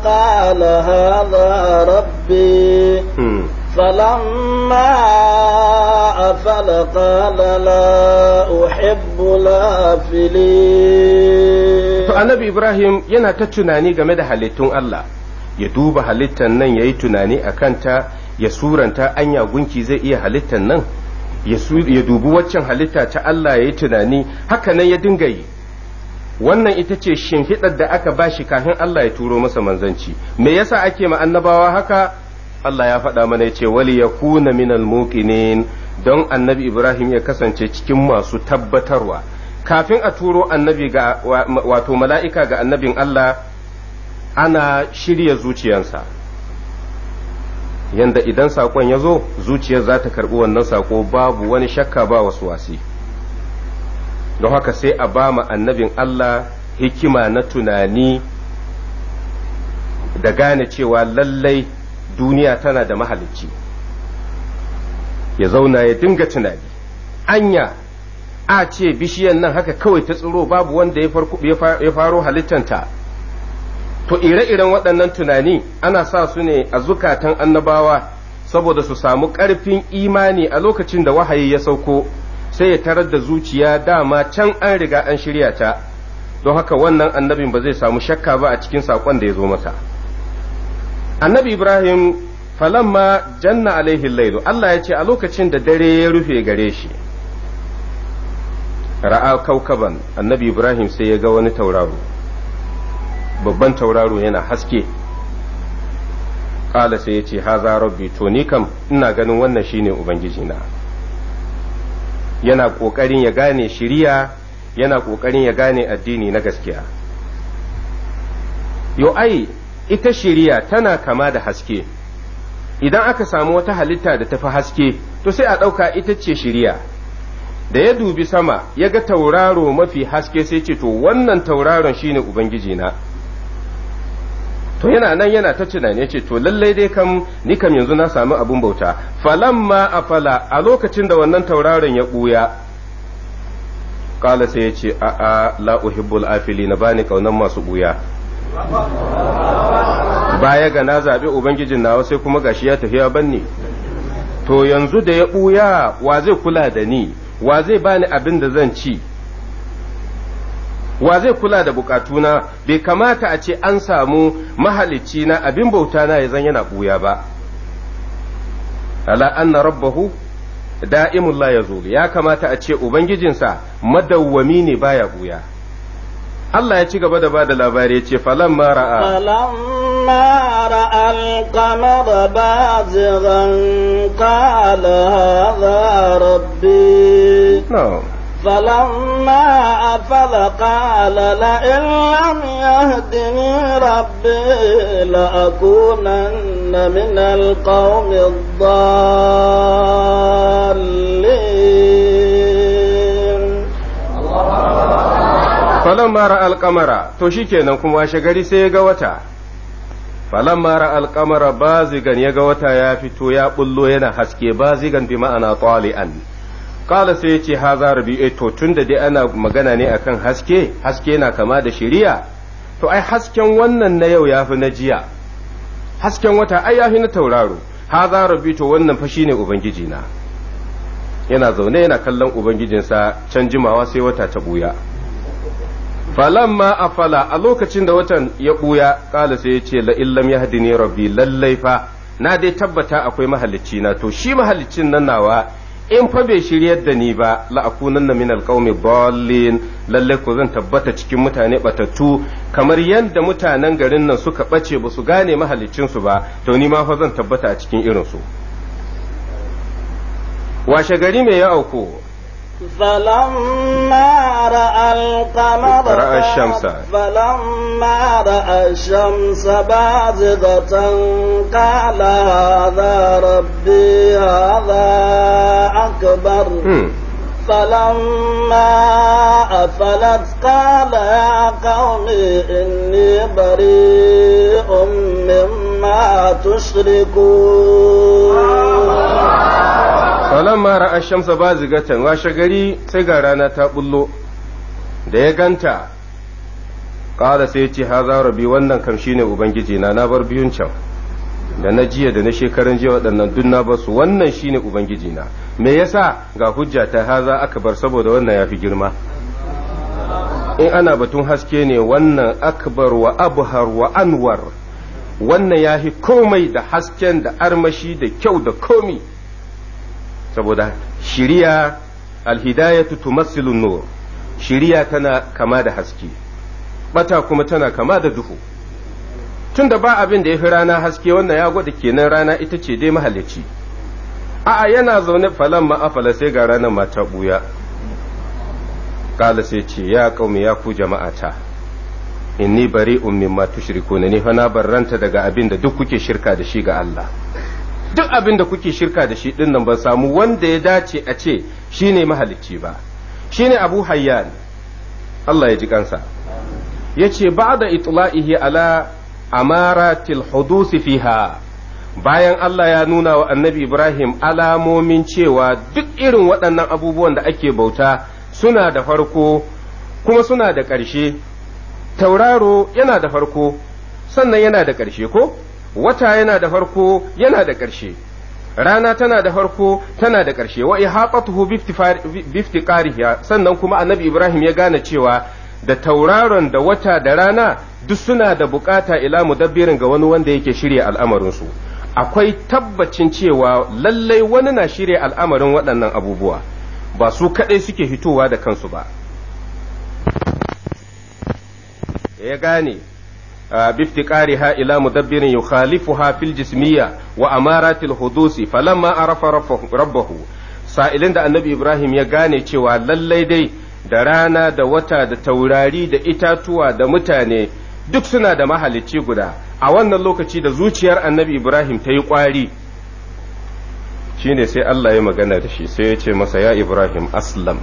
qala hadha rabbi hmm. فلما أفل قال لا أحب الآفلين to annabi Ibrahim yana ta tunani game da halittun Allah ya duba halittan nan ya yi tunani a kanta ya suranta anya gunki zai iya halittan nan ya dubi waccan halitta ta Allah ya yi tunani haka nan ya dinga yi wannan ita ce shimfiɗar da aka bashi kafin Allah ya turo masa manzanci me yasa ake ma annabawa haka Allah ya faɗa mana ya ce wali ya kuna minal muqinin don annabi Ibrahim ya kasance cikin masu tabbatarwa kafin a turo annabi ga wato mala'ika ga annabin Allah ana shirya zuciyarsa. yanda idan sakon ya zo zuciyar za ta karɓi wannan saƙo babu wani shakka ba wasu wasi don haka sai a ba ma annabin Allah hikima na tunani da gane cewa lallai duniya tana da mahalicci ya zauna ya dinga tunani anya a ce bishiyan nan haka kawai ta tsiro babu wanda ya faro halittanta to ire-iren waɗannan tunani ana sa su ne a zukatan annabawa saboda su samu ƙarfin imani a lokacin da wahayi ya sauko sai ya tarar da zuciya dama can an riga an shirya ta don haka wannan annabin ba zai samu shakka ba a cikin saƙon da ya zo masa annabi ibrahim falamma janna alaihi laidu Allah ya ce a lokacin da dare ya rufe gare shi ra'a kaukaban annabi ibrahim sai ya ga wani tauraro babban tauraro yana haske ƙala sai ya ce haza rabbi to ni kam ina ganin wannan shine na. yana ƙoƙarin ya gane shiriya yana ƙoƙarin ya gane addini na gaskiya yo ai ita shiriya tana kama da haske idan aka samu wata halitta da tafi haske to sai a ɗauka ita ce shiriya da ya dubi sama ya ga tauraro mafi haske sai ce to wannan tauraron shine ubangiji na to yana nan yana ta tunani ce to lallai dai kam ni kam yanzu na samu abun bauta falamma ma a a lokacin da wannan tauraron ya ɓuya kala sai ya ce a'a la uhibbul afili na bani kaunan masu ɓuya baya ga na zaɓi ubangijin nawa sai kuma gashi ya tafiya ban banni to yanzu da ya ɓuya wa zai kula da ni wa zai bani abin da zan ci wa zai kula da bukatuna bai kamata a ce an samu mahalicci na abin bauta na ya zan yana buya ba ala anna rabbahu da'imun la ya kamata a ce ubangijinsa madawwami ne baya ɓuya Allah ya ci gaba da ba da labari ya ce falan mara'a. Falan mara alkamar baziran kala haza rabbi. فلما أفل قال لئن لم يهدني ربي لأكونن من القوم الضالين falamma ra alqamara to shikenan kuma washe gari sai ya ga wata falamma alƙamara alqamara zigan ya ga wata ya fito ya bullo yana haske bazigan bi ma'ana tali'an kala sai ya yace haza rabi'u eh to tunda dai ana magana ne akan haske haske na kama da shiriya to ai hasken wannan na yau yafi na jiya hasken wata ai yafi na tauraro haza rabi to wannan fa shine ubangiji na yana zaune yana kallon ubangijinsa can jimawa sai wata ta buya falamma ma a fala a lokacin da watan ya ɓuya ƙala sai ya ce la illam yahdini rabbi lallai fa na dai tabbata akwai mahalicci na to shi mahaliccin nan nawa in fa bai shiryar da ni ba la'akunan na min qaumi dallin lalle ko zan tabbata cikin mutane batattu kamar yadda mutanen garin nan suka ɓace ba su gane mahalicin su ba to ni ma fa zan tabbata a cikin irin su washe gari mai ya auko فلما رأى القمر رأى الشمس فلما رأى الشمس بازغة قال هذا ربي هذا أكبر فلما أفلت قال يا قوم إني بريء مما تشركون falamma ra'a shamsa zigatan washe gari sai ga rana ta bullo da ya ganta ƙara sai ce haza rabi wannan kam shine ubangiji na na bar biyun can da na jiya da na shekaran jiya waɗannan duk na su wannan shine ubangiji na me yasa ga hujja ta haza aka bar saboda wannan ya fi girma in ana batun haske ne wannan akbar wa abhar wa anwar wannan fi komai da hasken da armashi da kyau da komi saboda shiriya alhidayatu tumassilu nur shiriya tana kama da haske bata kuma tana kama da duhu tunda ba abin da ya fi rana haske wannan ya gwada kenan rana ita ce dai mahalicci a'a yana zaune falan ma afala sai ga ranar mata buya kala sai ce ya kaumi ya ku jama'ata inni bari ummin ma tushriku ne fa na barranta daga abin da duk kuke shirka da shi ga Allah duk abin da kuke shirka da shi din nan ban samu wanda ya dace a ce shine mahalicci ba shine abu hayyan Allah ya ji kansa Ya ce yace da itula'ihi ala amaratil hudusi fiha bayan Allah ya nuna wa annabi Ibrahim alamomin cewa duk irin waɗannan abubuwan da ake bauta suna da farko kuma suna da ƙarshe tauraro yana da farko sannan yana da ƙarshe ko wata yana da farko yana da ƙarshe rana tana da farko tana da ƙarshe wa ihaqatuhu biftiqariha sannan kuma annabi Ibrahim ya gane cewa da tauraron da wata da rana duk suna da bukata ila mudabbirin ga wani wanda yake shirya al'amarinsu akwai tabbacin cewa lallai wani na shirya al'amarin waɗannan abubuwa ba su kaɗai suke hitowa da kansu ba ya gane بافتقارها إلى مدبر يخالفها في الجسمية وأمارات الحدوث فلما عرف ربه sa'ilin da annabi Ibrahim ya gane cewa lallai dai da rana da wata da taurari da itatuwa da mutane duk suna da mahalicci guda a wannan lokaci da zuciyar annabi Ibrahim ta yi ƙwari shine sai Allah ya magana da shi sai ya ce masa ya Ibrahim aslam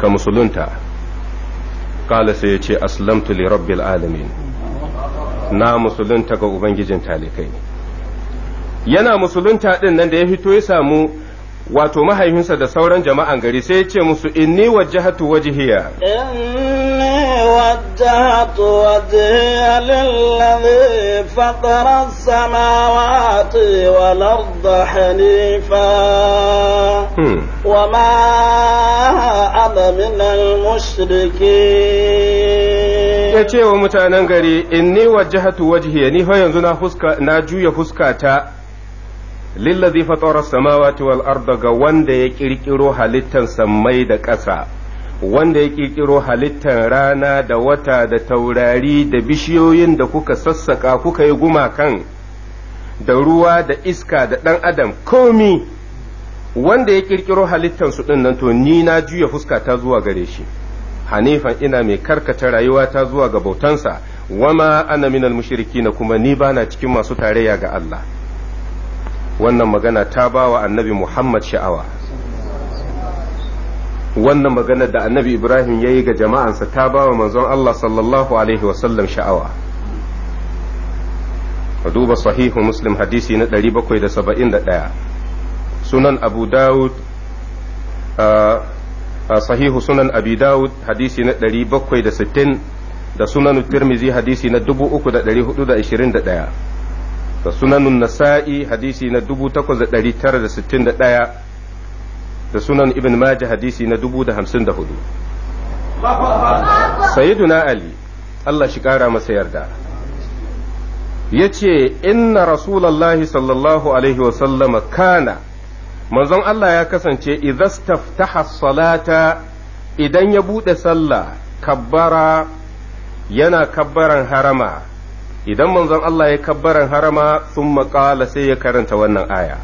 ka musulunta kala sai ya ce aslamtu li rabbil alamin na musulunta ga ubangijin talikai yana musulunta din nan da ya fito ya samu wato mahaifinsa da sauran jama'an gari sai ya ce musu inni wajjahatu wajhiya inni wajjahatu wajhiya lillazi fatara samawati wal arda hanifa hmm. wa ma ana min mushrikin ya ce wa mutanen gari inni wajjahatu wajhiya ni fa yanzu na fuska na juya fuskata lillazi fatara samawati wal arda ga wanda ya kirkiro halittan sammai da ƙasa wanda ya kirkiro halittan rana da wata da taurari da bishiyoyin da kuka sassaka kuka yi gumakan da ruwa da iska da ɗan adam komi wanda ya kirkiro halittan su ɗin nan to ni na juya fuska ta zuwa gare shi hanifan ina mai karkata rayuwa ta zuwa ga bautansa wama ana minal mushrikina kuma ni bana cikin masu tarayya ga Allah wannan magana ta ba wa annabi muhammad sha'awa wannan magana da annabi ibrahim ya yi ga jama'ansa ta ba wa manzon allah sallallahu alaihi wasallam sha'awa duba sahihu muslim hadisi na 771 sunan abu dawud sahihu sunan abi dawud hadisi na 760 da sunan tirmizi hadisi na 3421 da sunanun nasa'i hadisi na 8961 da sunan ibn majah hadisi na 1054 sayyiduna ali Allah shi kara masa yarda ya ce inna rasulallahi sallallahu alaihi wasallama kana manzon Allah ya kasance idastaftaha salata idan ya buɗe sallah kabbara yana kabbaran harama idan manzon Allah ya kabbaran harama sun maƙala sai ya karanta wannan aya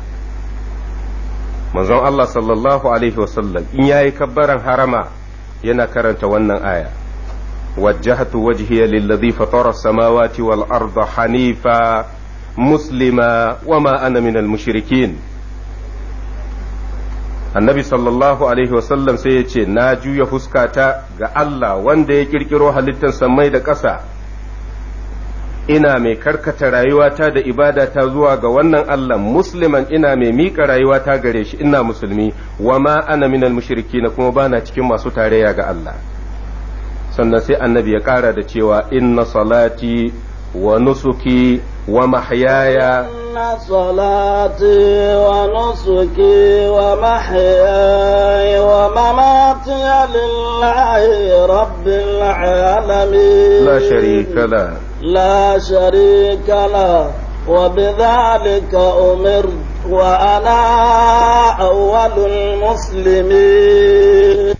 manzon Allah sallallahu alaihi wasallam in ya yi kabbaran harama yana karanta wannan aya wajjahatu wajhiya lillazi fatara samawati wal arda hanifa muslima wama ana minal mushrikin annabi sallallahu alaihi wasallam sai ya ce na juya fuskata ga Allah wanda ya kirkiro halittar samai da ƙasa ina mai karkata rayuwata da ibadata zuwa ga wannan Allah musliman ina mai miƙa rayuwata gare shi ina musulmi wa ma ana minal mushriki na kuma bana cikin masu tarayya ga Allah sannan sai annabi ya kara da cewa inna salati wa nusuki wa mahyaya inna salati wa nusuki wa mahyaya wa mamati lillahi rabbil alamin la sharika la لا شريك له وبذلك أمرت وأنا أول المسلمين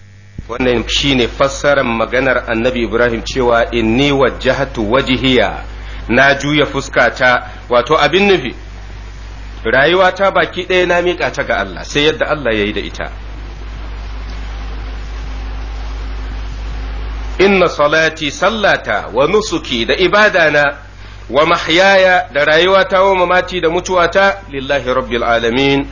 wannan shine fassarar maganar annabi ibrahim cewa inni wajjahatu wajihiya na juya fuskata wato abin nufi rayuwata baki ɗaya na miƙa ta ga allah sai yadda allah ya yi da ita inna salati sallata wa nusuki da ibadana wa mahyaya da rayuwata wa mamati da mutuwata lillahi rabbil alamin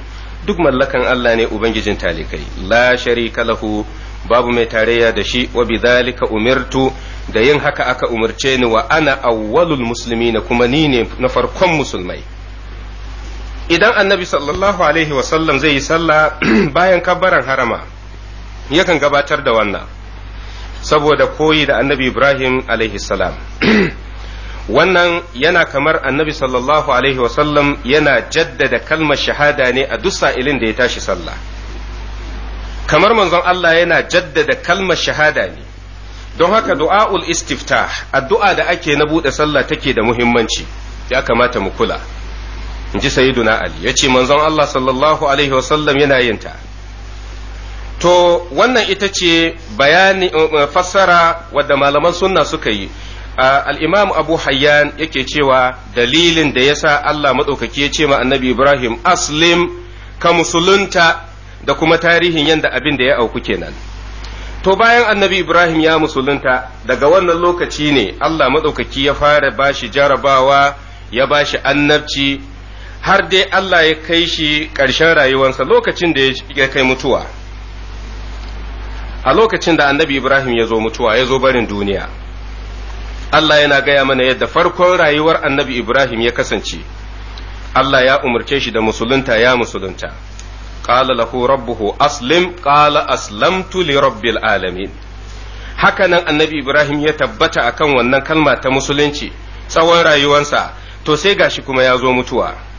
duk mallakan Allah ne ubangijin talikai la sharika lahu babu mai tarayya da shi wa bidhalika umirtu da yin haka aka umarce ni wa ana awwalul na kuma ni ne na farkon musulmai idan annabi sallallahu alaihi sallam zai yi sallah bayan kabbaran harama yakan gabatar da wannan saboda koyi da annabi ibrahim alaihi salam wannan yana kamar annabi sallallahu alaihi wasallam yana jaddada kalmar shahada ne a duk sa'ilin da ya tashi sallah kamar manzon Allah yana jaddada kalmar shahada ne don haka du'a'ul istiftah addu'a da ake na buɗe sallah take da muhimmanci ya kamata mu kula in ji sayyiduna ali yace manzon Allah sallallahu alaihi wasallam yana yin ta to wannan ita ce bayani uh, uh, fassara wadda malaman sunna suka yi al'imam abu hayyan yake cewa dalilin da ya sa Allah maɗaukaki ya ce ma annabi ibrahim aslim ka musulunta da kuma tarihin yadda abin da ya auku kenan to bayan annabi ibrahim ya musulunta daga wannan lokaci ne Allah maɗaukaki ya fara bashi jarabawa ya bashi annabci har dai Allah ya kai shi ƙarshen rayuwarsa lokacin da ya kai mutuwa. a lokacin da annabi ibrahim ya zo mutuwa ya zo barin duniya Allah yana gaya mana yadda farkon rayuwar annabi ibrahim ya kasance Allah ya umarce shi da musulunta ya musulunta qala lahu rabbuhu aslim qala aslamtu li rabbil alamin haka annabi ibrahim ya tabbata akan wannan kalma ta musulunci tsawon rayuwarsa to sai gashi kuma ya zo mutuwa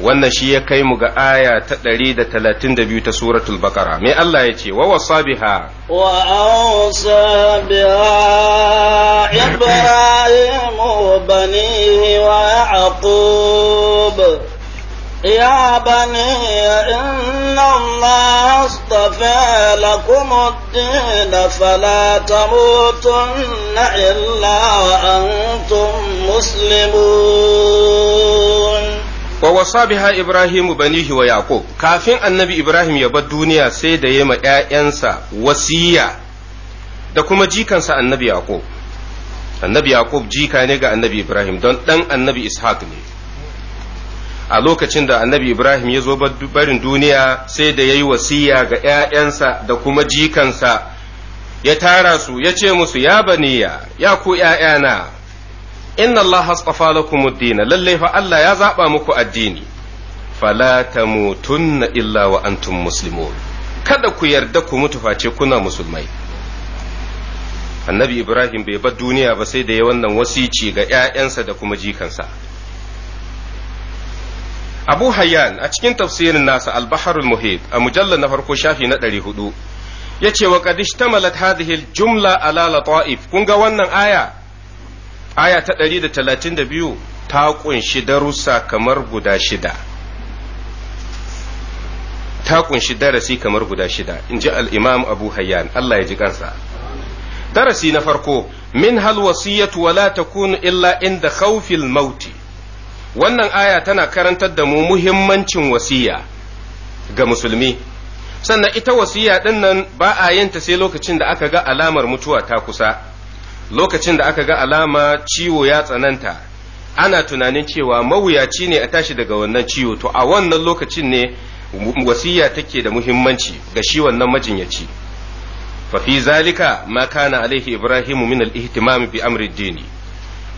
wannan shi ya kai mu ga aya ta 132 ta suratul baqara me Allah ya ce wa wasabiha wa awsabiha ibrahim bani wa yaqub ya bani inna allah astafa lakum ad-din fala tamutunna illa wa antum wa wasa biha ibrahimu banihi wa yaqub kafin annabi ibrahim ya bar duniya sai da yema ƴaƴansa wasiya da kuma jikansa annabi yaqub annabi yaqub jika ne ga annabi ibrahim don dan annabi ishaq ne a lokacin da annabi ibrahim ya zo barin duniya sai da yayi wasiya ga ƴaƴansa da kuma jikansa ya tara su ya ce musu ya baniya ya ku ƴaƴana. inna Allah hastafa lakum ad-din lalle fa Allah ya zaba muku addini fala tamutunna illa wa antum muslimun kada ku yarda ku mutu face kuna musulmai annabi ibrahim bai bar duniya ba sai da ya wannan wasici ga 'ya'yansa da kuma jikansa abu hayyan a cikin tafsirin nasa al-baharul muhit a mujallar na farko shafi na 400 yace wa qad ishtamalat hadhihi al-jumla ala lata'if kun ga wannan aya aya ta 132 ta kunshi darussa kamar guda shida ta ƙunshi darasi kamar guda shida in ji al'imam abu hayyan Allah ya ji kansa darasi na farko min hal wasiyatu wala kunu illa inda khawfil mauti wannan aya tana karantar da mu muhimmancin wasiya ga musulmi sannan ita wasiya ɗin nan ba a yinta sai lokacin da aka ga alamar mutuwa ta kusa lokacin da aka ga alama ciwo ya tsananta ana tunanin cewa mawuyaci ne a tashi daga wannan ciwo to a wannan lokacin ne wasiya take da muhimmanci ga shi wannan majinyaci fa fi zalika ma kana alaihi ibrahimu min al-ihtimam bi amri dini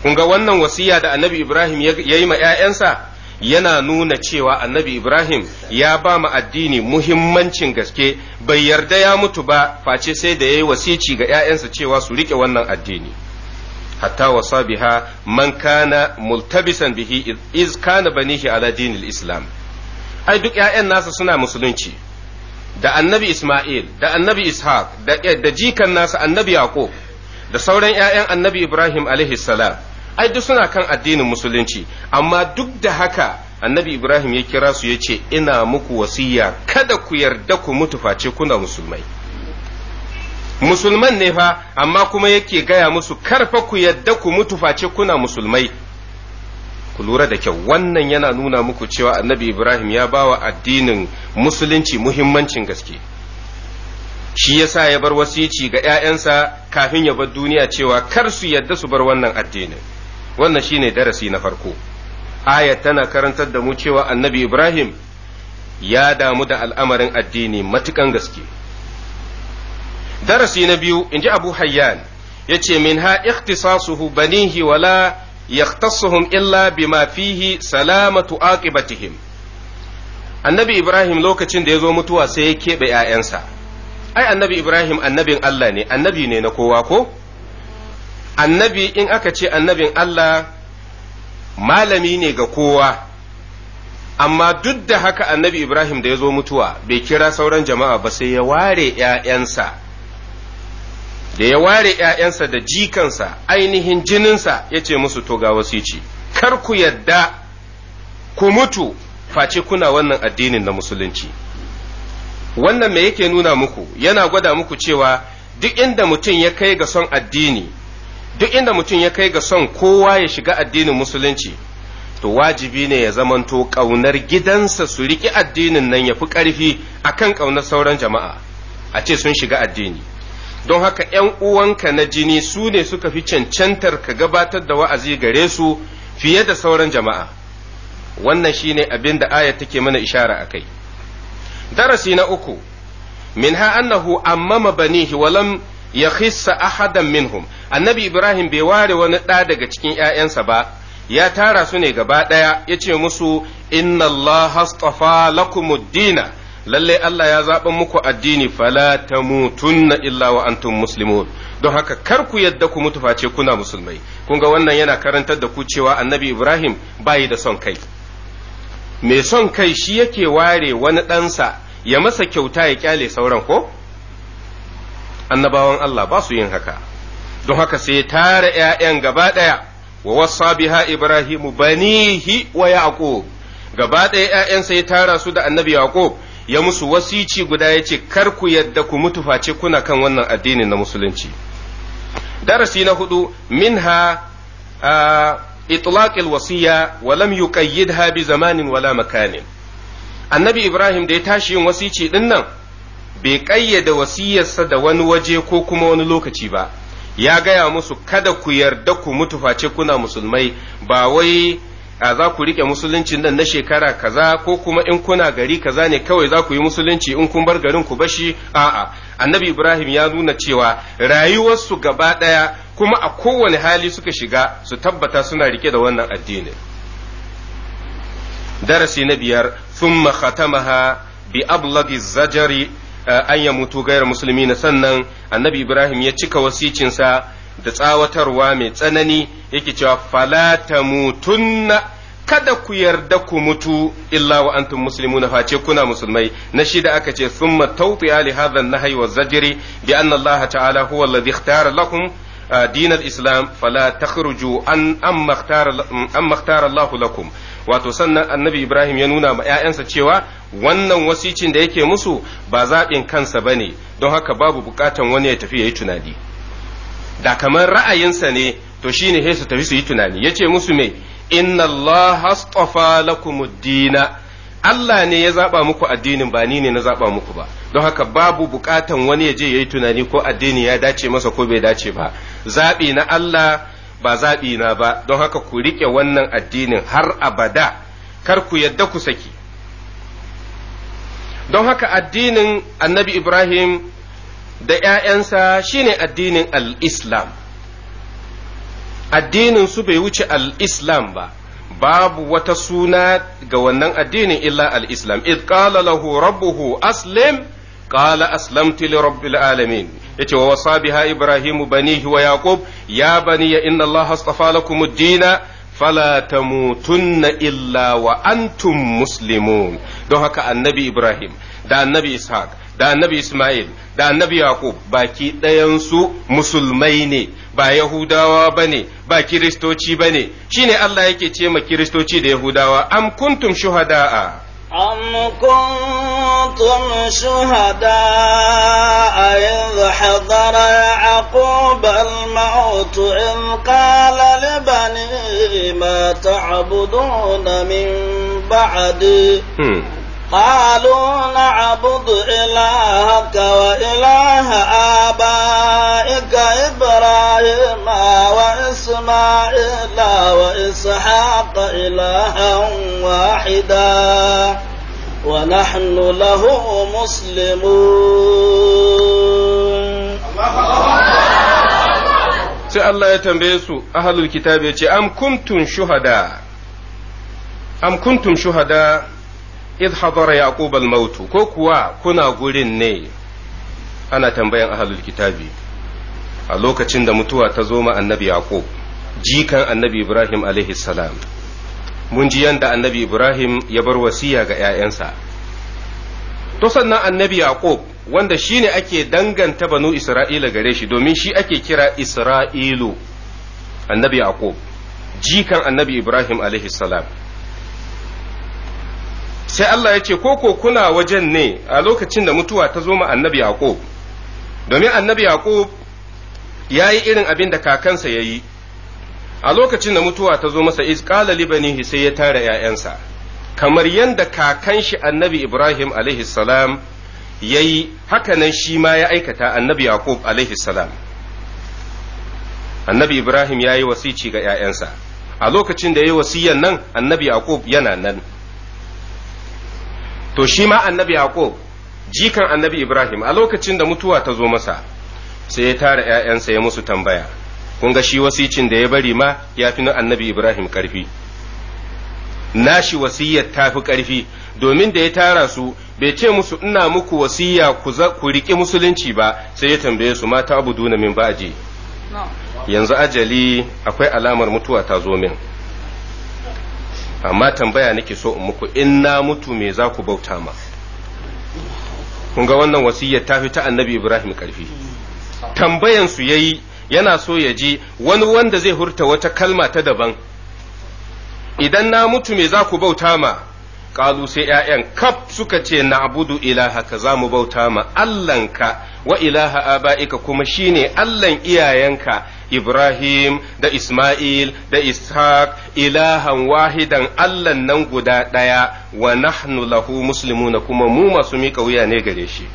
kun ga wannan wasiya da annabi ibrahim ya yi ma 'ya'yansa yana nuna cewa annabi Ibrahim ya ba mu addini muhimmancin gaske bai yarda ya mutu ba face sai da ya yi wasici ga 'ya'yansa cewa su rike wannan addini. hatta wasa biha man kana multabisan bihi iz kana banihi ala dinil islam ai duk 'ya'yan nasa suna musulunci da annabi Ismail da annabi Ishaq da, jikan nasa annabi Yaqub da sauran ‘ya'yan annabi Ibrahim salam ai duk suna kan addinin musulunci amma duk da haka annabi ibrahim ya kira su ya ce ina muku wasiya kada ku yarda ku mutu face kuna musulmai musulman ne fa amma kuma yake gaya musu karfa ku yarda ku mutu face kuna musulmai ku lura da kyau wannan yana nuna muku cewa annabi ibrahim ya bawa addinin musulunci muhimmancin gaske shi yasa ya bar wasici ga 'ya'yansa kafin ya bar duniya cewa kar su yarda su bar wannan addinin wannan shine darasi na farko aya tana karantar da mu cewa annabi ibrahim ya damu da al'amarin addini matukan gaske darasi na biyu in ji abu hayyan ya ce min ha ikhtisasuhu banihi wala yakhtasuhum illa bima fihi salamatu aqibatihim annabi ibrahim lokacin da ya zo mutuwa sai ya keɓe ‘ya'yansa ai annabi ibrahim annabin allah ne annabi ne na kowa ko annabi in aka ce annabin Allah malami ne ga kowa amma duk da haka annabi Ibrahim da ya zo mutuwa bai kira sauran jama'a ba sai ya ware ‘ya'yansa da ya ware ‘ya'yansa da jikansa ainihin jininsa ya ce musu to ga wasici kar ku yadda ku mutu face kuna wannan addinin na musulunci wannan me yake nuna muku yana gwada muku cewa duk inda mutum ya kai ga son addini duk inda mutum ya kai ga son kowa ya shiga addinin musulunci to wajibi ne ya zamanto ƙaunar gidansa su riƙi addinin nan ya fi ƙarfi akan ƙaunar sauran jama'a a ce sun shiga addini don haka ‘yan uwanka na jini su ne suka fi cancantar ka gabatar da wa'azi gare su fiye da sauran jama'a wannan shine abin da aya take mana ishara a kai darasi na uku minha annahu amma mabanihi walam ya hissa ahadan minhum annabi ibrahim bai ware wani ɗa daga cikin ‘ya'yansa ba ya tara su ne gaba ɗaya ya ce musu inna Allah astafa lakumuddina lalle Allah ya zaɓa muku addini fala tamutunna illa wa antum muslimun don haka kar ku yadda ku mutu face kuna musulmai kun ga wannan yana karantar da ku cewa annabi ibrahim bayi da son kai mai son kai shi yake ware wani ɗansa ya masa kyauta ya kyale sauran ko annabawan Allah ba su yin haka don haka sai tara ‘ya'yan gaba ɗaya wa wasa biha Ibrahimu banihi wa Yaqub gaba ɗaya ‘ya'yan sai tara su da annabi Yaqub ya musu wasici guda ya ce kar ku yadda ku mutu face kuna kan wannan addinin na musulunci darasi na hudu minha itlaq alwasiya wa lam yuqayyidha bi zamanin wala makanin annabi Ibrahim da ya tashi yin wasici din nan bai ƙayyada wasiyarsa da wani waje ko kuma wani lokaci ba ya gaya musu kada ku yarda ku mutu face kuna musulmai ba wai a za ku riƙe musuluncin nan na shekara kaza ko kuma in kuna gari kaza ne kawai za ku yi musulunci in kun bar garin ku bashi a'a annabi ibrahim ya nuna cewa rayuwarsu gaba ɗaya kuma a kowane hali suka shiga su tabbata suna rike da wannan addinin darasi na biyar thumma khatamaha bi ablagi zajari Eh, an ya mutu gairar musulmi na sannan annabi ibrahim ya cika wasicinsa da tsawatarwa mai tsanani yake cewa fala tamutunna kada ku yarda ku mutu illa wa antum muslimuna face kuna musulmai na shida aka ce sun tawti'a li hadha na nahyi zajiri bi annallaha ta'ala huwa alladhi lakum dinar islam fala takhruju an an makhtara Allah lakum wato sannan annabi ibrahim ya nuna ma 'ya'yansa cewa wannan wasicin da yake musu ba zaɓin kansa ba ne don haka babu buƙatan wani ya tafi ya yi tunani da kamar ra'ayinsa ne to shi ne su tafi su yi tunani ya ce musu me inna Allah astafa lakum dina Allah ne ya zaɓa muku addinin ba ni ne na zaɓa muku ba don haka babu bukatan wani ya je yayi tunani ko addini ya dace masa ko bai dace ba zabi na Allah ba zabi na ba don haka ku rike wannan addinin har abada kar ku yadda ku saki don haka addinin annabi Ibrahim da ‘ya'yansa shine addinin Al-Islam. addinin su bai wuce Al-Islam ba babu wata suna ga wannan addinin illa al-islam id qala lahu rabbuhu aslim qala aslamtu li rabbil alamin yace wa wasa biha ibrahimu banihi wa yaqub ya bani ya inna allaha astafa lakum ad-din fala tamutunna illa wa antum don haka annabi ibrahim da annabi ishaq da annabi Ismail da annabi Yaqub baki ɗayansu musulmai ne ba Yahudawa ba ne ba Kiristoci ba ne shine Allah yake ce ma Kiristoci da Yahudawa am kuntum shuhada'a أَمْ كُنتُمْ شُهَدَاءَ إِذْ حَضَرَ يَعْقُوبَ الْمَوْتُ إِذْ قَالَ لِبَنِيهِ مَا تَعْبُدُونَ مِن بَعْدِي قالوا نعبد إلهك وإله آبائك إبراهيم وإسماعيل وإسحاق إلها واحدا ونحن له مسلمون sai Allah ya tambaye su ahalul kitab ya ce am kuntum shuhada am kuntum shuhada idh hadara yaqub al-mautu ko kuwa kuna gurin ne ana tambayan ahlul kitabi a lokacin da mutuwa ta zo ma annabi yaqub jikan annabi ibrahim alaihi salam mun ji yanda annabi ibrahim ya bar wasiya ga 'ya'yansa to sannan annabi yaqub wanda shine ake danganta banu isra'ila gare shi domin shi ake kira isra'ilu annabi yaqub jikan annabi ibrahim alaihi salam sai Allah ya ce ko ko kuna wajen ne a lokacin da mutuwa ta zo ma annabi yaqub domin annabi yaqub ya yi irin abin da kakansa ya yi a lokacin da mutuwa ta zo masa iz qala banihi sai ya tara 'ya'yansa kamar yadda kakan shi annabi ibrahim alaihi salam ya yi hakanan shi ma ya aikata annabi yaqub alaihi salam annabi ibrahim ya yi wasici ga 'ya'yansa a lokacin da ya yi wasiyan nan annabi yaqub yana nan to shi ma annabi yaqub jikan annabi ibrahim a lokacin da mutuwa ta zo masa sai ya tara ‘ya'yansa ya musu tambaya kun ga shi wasicin da ya bari ma ya fi na annabi ibrahim ƙarfi nashi wasiyar ta fi ƙarfi domin da ya tara su bai ce musu ina muku wasiya ku riƙe musulunci ba sai ya tambaye su mata abu duna min ba'aji yanzu ajali akwai alamar mutuwa ta zo min amma tambaya nake so in muku in na mutu me za ku bauta ma kun ga wannan wasiyyar ta fi ta annabi ibrahim karfi tambayan su yayi yana so ya ji wani wanda zai hurta wata kalma ta daban idan na mutu me za ku bauta ma kalu sai ‘ya'yan kaf suka ce na abudu ilahaka za mu bauta ma Allahnka wa ilaha aba'ika kuma shine allan iyayenka Ibrahim da Ismail da Ishaq ilahan wahidan Allah nan guda ɗaya wa nahnu lahu muslimuna kuma mu masu mika wuya ne gare shi.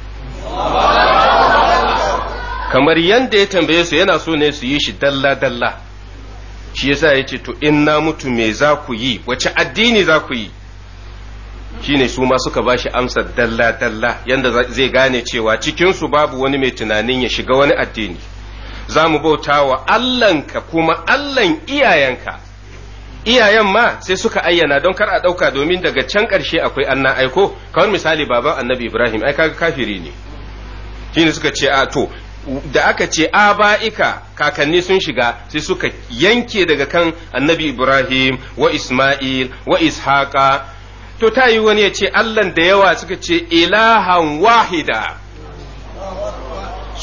Kamar yadda ya tambaye su yana so ne su yi shi dalla-dalla, shi yasa ya ce to inna mutu me za ku yi, wace addini za ku yi? shine su ma suka bashi amsar dalla-dalla yadda zai gane cewa cikinsu babu wani mai tunanin ya shiga wani addini. za mu bauta wa Allahnka kuma Allahn iyayenka iyayen ma sai suka ayyana don kar a ɗauka domin daga can ƙarshe akwai na aiko kamar misali baban annabi Ibrahim ai kaga kafiri ne ne suka ce a to da aka ce a ba'ika kakanni sun shiga sai suka yanke daga kan annabi Ibrahim wa Ismail wa Ishaqa to ta yi wani ya ce Allahn da yawa suka ce ilahan wahida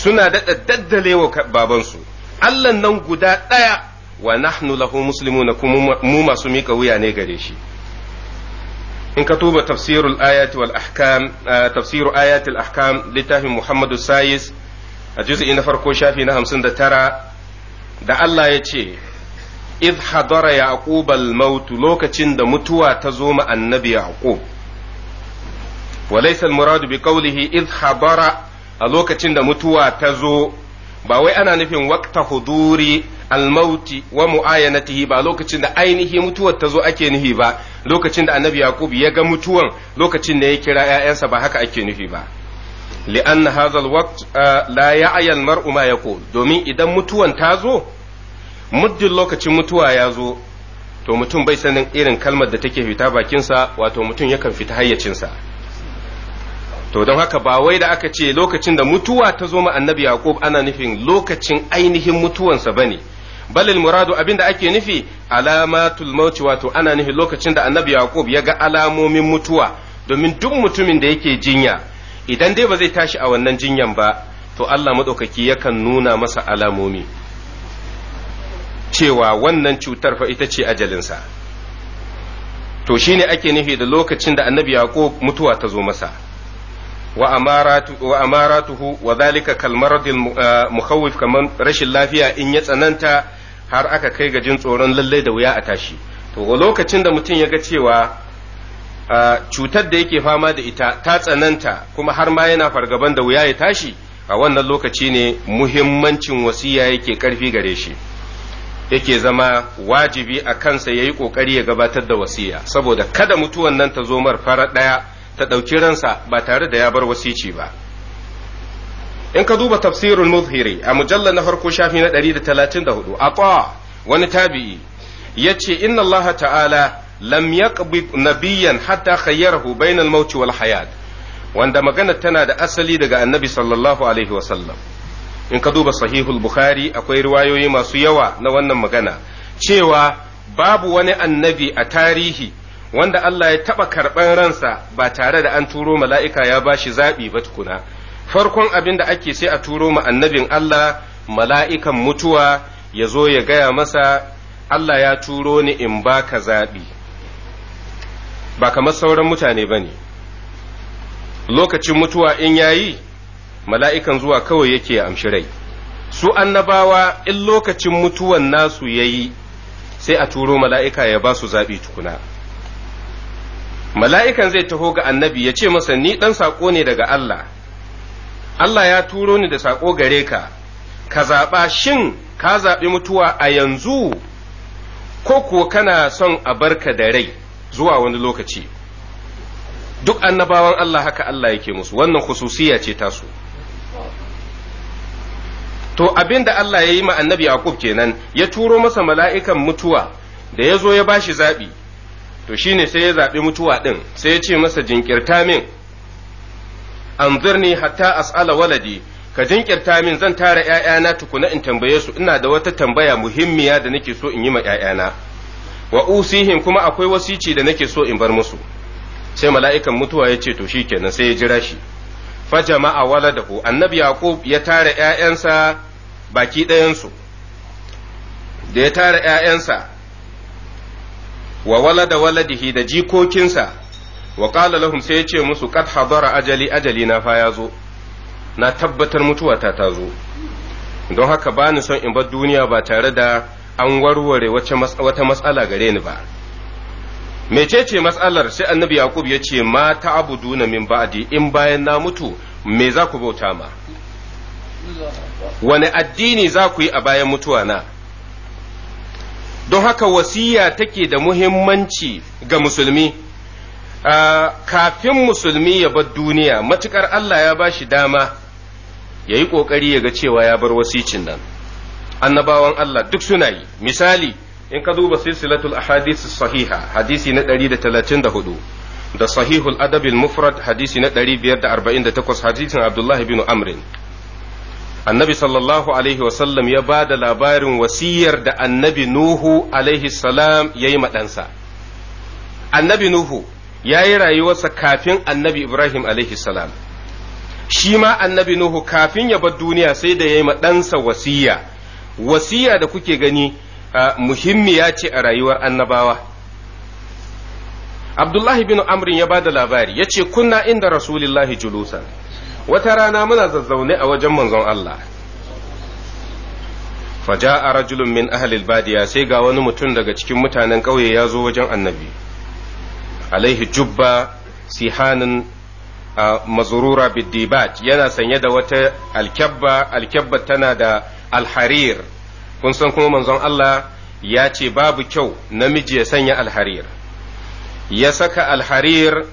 suna daɗa wa babansu Allah nan guda ɗaya wa nahnu lahu na kuma mu masu mika wuya ne gare shi in ka tuba tafsirul ayati wal ahkam tafsiru ayati al ahkam littafin Muhammadu Sayis a juz'i na farko shafi na 59 da Allah ya ce idh hadara yaqub al maut lokacin da mutuwa ta zo ma annabi yaqub wa laysa al murad bi qawlihi idh hadara a lokacin da mutuwa ta zo ba wai ana nufin waqta huduri almauti wa mu'ayanatihi ba lokacin da ainihi mutuwar ta zo ake nufi ba lokacin da annabi yaqub ya ga mutuwan lokacin da ya kira ƴaƴansa ba haka ake nufi ba li'an hadha alwaqt uh, la ya'ya almar'u ma yaqul domin idan mutuwan ta zo muddin lokacin mutuwa ya zo to mutum bai sanin irin kalmar da take fita bakinsa wato mutum yakan fita hayyacinsa to don haka ba wai da aka ce lokacin da mutuwa ta zo ma annabi yaqub ana nufin lokacin ainihin mutuwansa bane balil muradu abinda ake nufi alamatul mauti wato ana nufin lokacin da annabi yaqub ya ga alamomin mutuwa domin duk mutumin da yake jinya idan dai ba zai tashi a wannan jinyan ba to Allah madaukaki yakan nuna masa alamomi cewa wannan cutar fa ita ce ajalinsa to shine ake nufi da lokacin da annabi yaqub mutuwa ta zo masa wa amaratuhu wa zalika kalmaradil mukhawif eh, kaman rashin lafiya in ya tsananta har aka kai ga jin tsoron lallai da wuya a tashi to lokacin da mutum ya ga cewa eh, cutar da yake fama da ita ta tsananta kuma har ma yana fargaban da wuya ya tashi a wannan lokaci ne muhimmancin wasiya yake karfi gare shi yake zama wajibi a kansa ya yi ƙoƙari ya gabatar da wasiya saboda kada mutuwan nan ta zo mar farar ɗaya ta ɗauki ransa ba tare da ya bar wasici ba in ka duba tafsirul muzhiri a mujallar na farko shafi na 134 a wani tabi'i yace inna allaha ta'ala lam yaqbi nabiyyan hatta khayyarahu bainal wal hayat wanda magana tana da asali daga annabi sallallahu alaihi sallam. in ka duba sahihul bukhari akwai riwayoyi masu yawa na wannan magana cewa babu wani annabi a tarihi wanda Allah ya taɓa karɓan ransa ba tare da an turo mala'ika ya ba shi zaɓi ba tukuna farkon abin da ake sai a turo ma annabin Allah mala'ikan mutuwa ya zo ya gaya masa Allah ya turo ni in ba ka zaɓi ba kamar sauran mutane ba ne lokacin mutuwa in ya yi mala'ikan zuwa kawai yake amshi rai su annabawa in lokacin mutuwan nasu ya yi sai a turo mala'ika ya ba su zaɓi tukuna mala'ikan zai taho ga annabi ya ce masa ni ɗan saƙo ne daga Allah Allah ya turo ni da saƙo gare ka ka zaɓa shin ka zaɓi mutuwa a yanzu ko kuwa kana son a barka da rai zuwa wani lokaci duk annabawan Allah haka Allah yake musu wannan khususiya ce tasu to abin da Allah ya yi ma annabi kenan ya turo masa mala'ikan mutuwa da ya zo ya bashi zaɓi to shi ne sai ya zaɓi mutuwa ɗin sai ya ce masa jinkirta min An anzirni hatta as'ala waladi ka jinkirta min zan tara ‘ya'yana tukuna in tambaye su ina da wata tambaya muhimmiya da nake so in yi ma ‘ya'yana wa usihin kuma akwai wasici da nake so in bar musu sai mala'ikan mutuwa ya ce to shi kenan sai ya jira shi fa jama'a annabi yaqub ya tara ‘ya'yansa baki ɗayansu da ya tara ‘ya'yansa wa walada waladihi da jikokinsa wa ƙala lahum sai yace musu qad hadara ajali ajali na fa ya zo na tabbatar mutuwata ta zo don haka ba ni son in bar duniya ba tare da an warware wata matsala gare ni ba mecece matsalar sai annabi yaqub ya ce ma ta na min ba'di in bayan na mutu me za ku bauta ma wani addini za ku yi a bayan mutuwa na don haka wasiya take da muhimmanci ga musulmi ah, kafin musulmi ya bar duniya matukar Allah ya bashi dama ya yi ƙoƙari ya ga cewa ya bar wasicin nan annabawan Allah duk suna yi misali in ka duba silsilatul ahadith sahiha hadisi na 134 da sahihul adabil mufrad hadisi na 548 hadisin abdullahi bin amrin annabi sallallahu alaihi wasallam ya ba da labarin wasiyar da annabi nuhu alaihi salam ya yi maɗansa annabi nuhu ya yi rayuwarsa kafin annabi ibrahim alaihi salam shi ma annabi nuhu kafin ya bar duniya sai da ya yi maɗansa wasiya wasiya da kuke gani muhimmiya ce a rayuwar annabawa abdullahi bin amrin ya ba da labari ya ce kunna inda rasulillahi julusan wata rana muna zazzaune a wajen manzon Allah faja'a rajulun min ahlil badiya sai ga wani mutum daga cikin mutanen ƙauye ya zo wajen annabi alaihi jubba sihanin mazurura Dibat yana sanye da wata alkyabba alkyabba tana da alharir kun san kuma manzon Allah ya ce babu kyau namiji ya sanya alharir ya saka alharir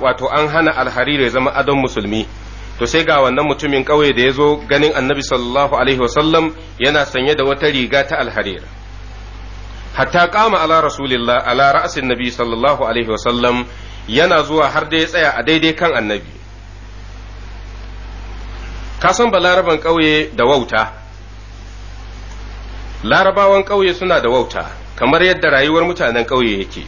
wato an hana alhari ya zama adon musulmi to sai ga wannan mutumin ƙauye da ya zo ganin annabi sallallahu alaihi wasallam yana sanye da wata riga ta alharir hatta kama ala rasulillah ala ra'asin nabi sallallahu alaihi wasallam yana zuwa har da ya tsaya a daidai kan annabi ka san ba laraban ƙauye da wauta larabawan ƙauye suna da wauta kamar yadda rayuwar mutanen ƙauye yake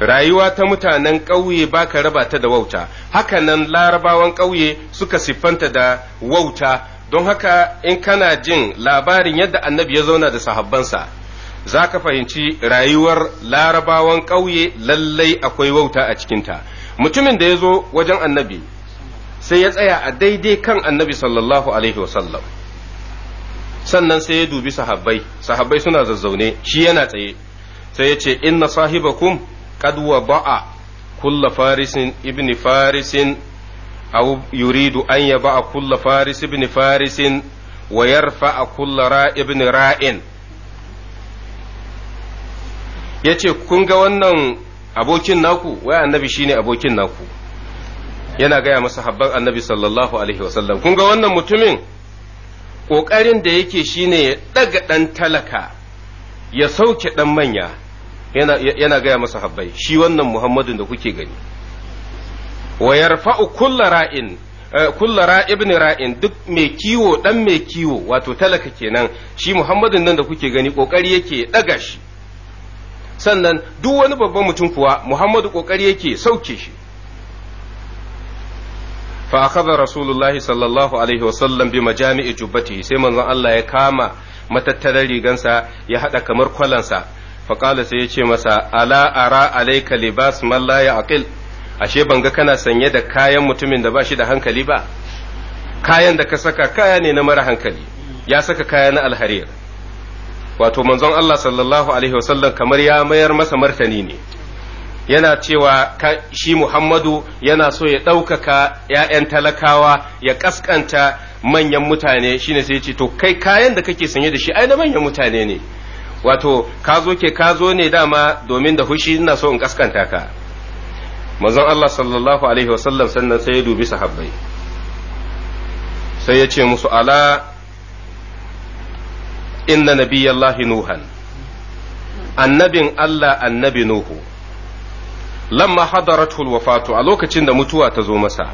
rayuwa ta mutanen ƙauye ba ka raba ta da wauta hakanan larabawan ƙauye suka siffanta da wauta don haka in kana jin labarin yadda annabi ya zauna da sahabbansa za ka fahimci rayuwar larabawan ƙauye lallai akwai wauta a cikinta mutumin da ya zo wajen annabi sai ya tsaya a daidai kan annabi sallallahu alaihi wasallam sannan sai ya dubi sahabbai sahabbai suna zazzaune shi yana tsaye sai ya ce inna sahibakum قد وضع كل فارس ابن فارس أو يريد أن يبع كل فارس ابن فارس ويرفع كل راء ابن راء yace kun ga wannan abokin naku wai annabi shine abokin naku yana gaya masa habban annabi sallallahu alaihi wasallam kun ga wannan mutumin ƙoƙarin da yake shine ya ɗaga ɗan talaka ya sauke ɗan manya yana gaya masa habbai shi wannan muhammadin da kuke gani wa yarfa'u kulla ra'in eh, kulla ra'ibni ra'in duk mai kiwo dan mai kiwo wato talaka kenan shi muhammadin nan da kuke gani kokari yake daga shi sannan duk wani babban mutum kuwa muhammadu kokari yake sauke shi fa akhadha rasulullahi sallallahu alaihi wasallam bi majami'i jubbatihi sai manzon Allah ya kama matattarar rigansa ya hada kamar kwalansa faƙala sai ya ce masa ala ara alaika libas man la aqil ashe ban ga kana sanye da kayan mutumin da ba shi da hankali ba kayan da ka saka kaya ne na mara hankali ya saka kaya na alharir wato manzon Allah sallallahu alaihi wasallam kamar ya mayar masa martani ne yana cewa shi Muhammadu yana so ya ɗaukaka ‘ya'yan talakawa ya ƙasƙanta manyan mutane shine sai ce to kai kayan da kake sanye da shi ai na manyan mutane ne wato ka zo ke ka zo ne dama domin da hushi ina so in kaskanta ka manzon Allah sallallahu alaihi wasallam sannan sai ya dubi sahabbai sai ya ce musu ala inna nabiyallahi nuhan annabin Allah annabi nuhu lamma hadaratu wafatu a lokacin da mutuwa ta zo masa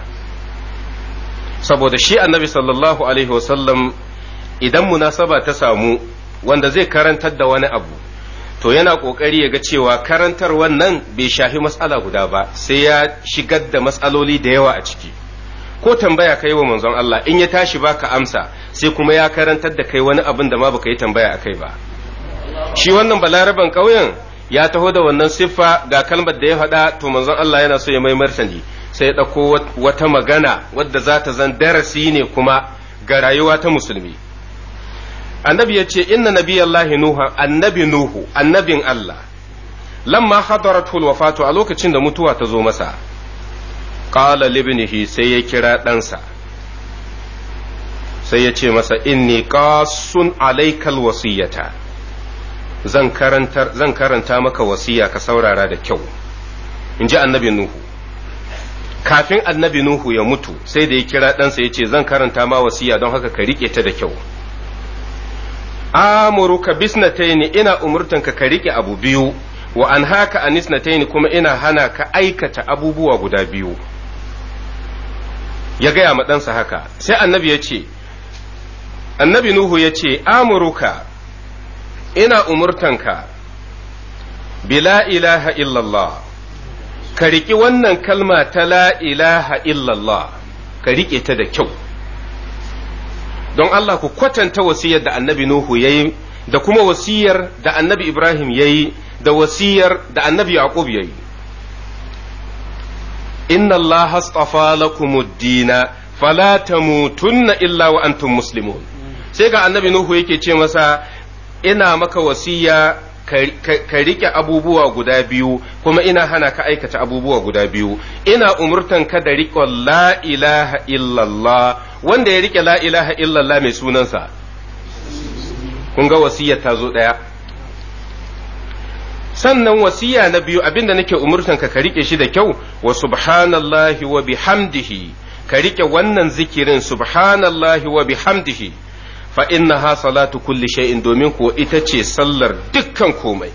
saboda shi annabi sallallahu alaihi wasallam idan munasaba ta samu wanda zai karantar da wani abu to yana ƙoƙari ya ga cewa karantar wannan bai shafi matsala guda ba sai ya shigar da matsaloli da yawa a ciki ko tambaya kai wa manzon Allah in ya tashi baka amsa sai kuma ya karantar da kai wani abin da ma baka yi tambaya a kai ba shi wannan balaraban ƙauyen ya taho da wannan siffa ga kalmar da ya faɗa to manzon Allah yana so ya mai martani sai ya ɗauko wata magana wadda za ta zan darasi ne kuma ga rayuwa ta musulmi annabi ya ce inna nabiyallahi nuha annabi nuhu annabin Allah lamma hadaratul wafatu a lokacin da mutuwa ta zo masa qala libnihi sai ya kira ɗansa sai ya ce masa inni qasun alaikal wasiyata zan karanta zan karanta maka wasiya ka saurara da kyau in ji annabi nuhu kafin annabi nuhu ya mutu sai da ya kira ɗansa ya ce zan karanta ma wasiya don haka ka riƙe ta da kyau amuruka bisnataini ina umurtan ka rike abu biyu wa an haka anisnataini kuma ina hana ka aikata abubuwa guda biyu ya gaya ma ɗansa haka sai annabi ya ce annabi nuhu ya ce amuruka ina umurtanka bila ilaha illallah ka riƙi wannan kalma ta la ilaha illallah ka riƙe ta da kyau don Allah ku kwatanta wasiyar da annabi Nuhu ya yi da kuma wasiyar da annabi Ibrahim ya yi da wasiyar da annabi Yaqub ya yi. Inna Allah astafa lakumuddina fala tamutunna illa wa antum muslimun. Sai ga annabi Nuhu yake ce masa ina maka wasiya ka rike abubuwa guda biyu kuma ina hana ka aikata abubuwa guda biyu ina umurtan ka da riƙon la ilaha illallah wanda ya rike la ilaha illallah mai sunansa kun ga wasiyar ta zo ɗaya sannan wasiya na biyu abinda nake umurtan ka ka rike shi da kyau wa subhanallahi wa bihamdihi ka rike wannan zikirin subhanallahi wa bihamdihi fa ha salatu kulli shay'in domin ko ita ce sallar dukkan komai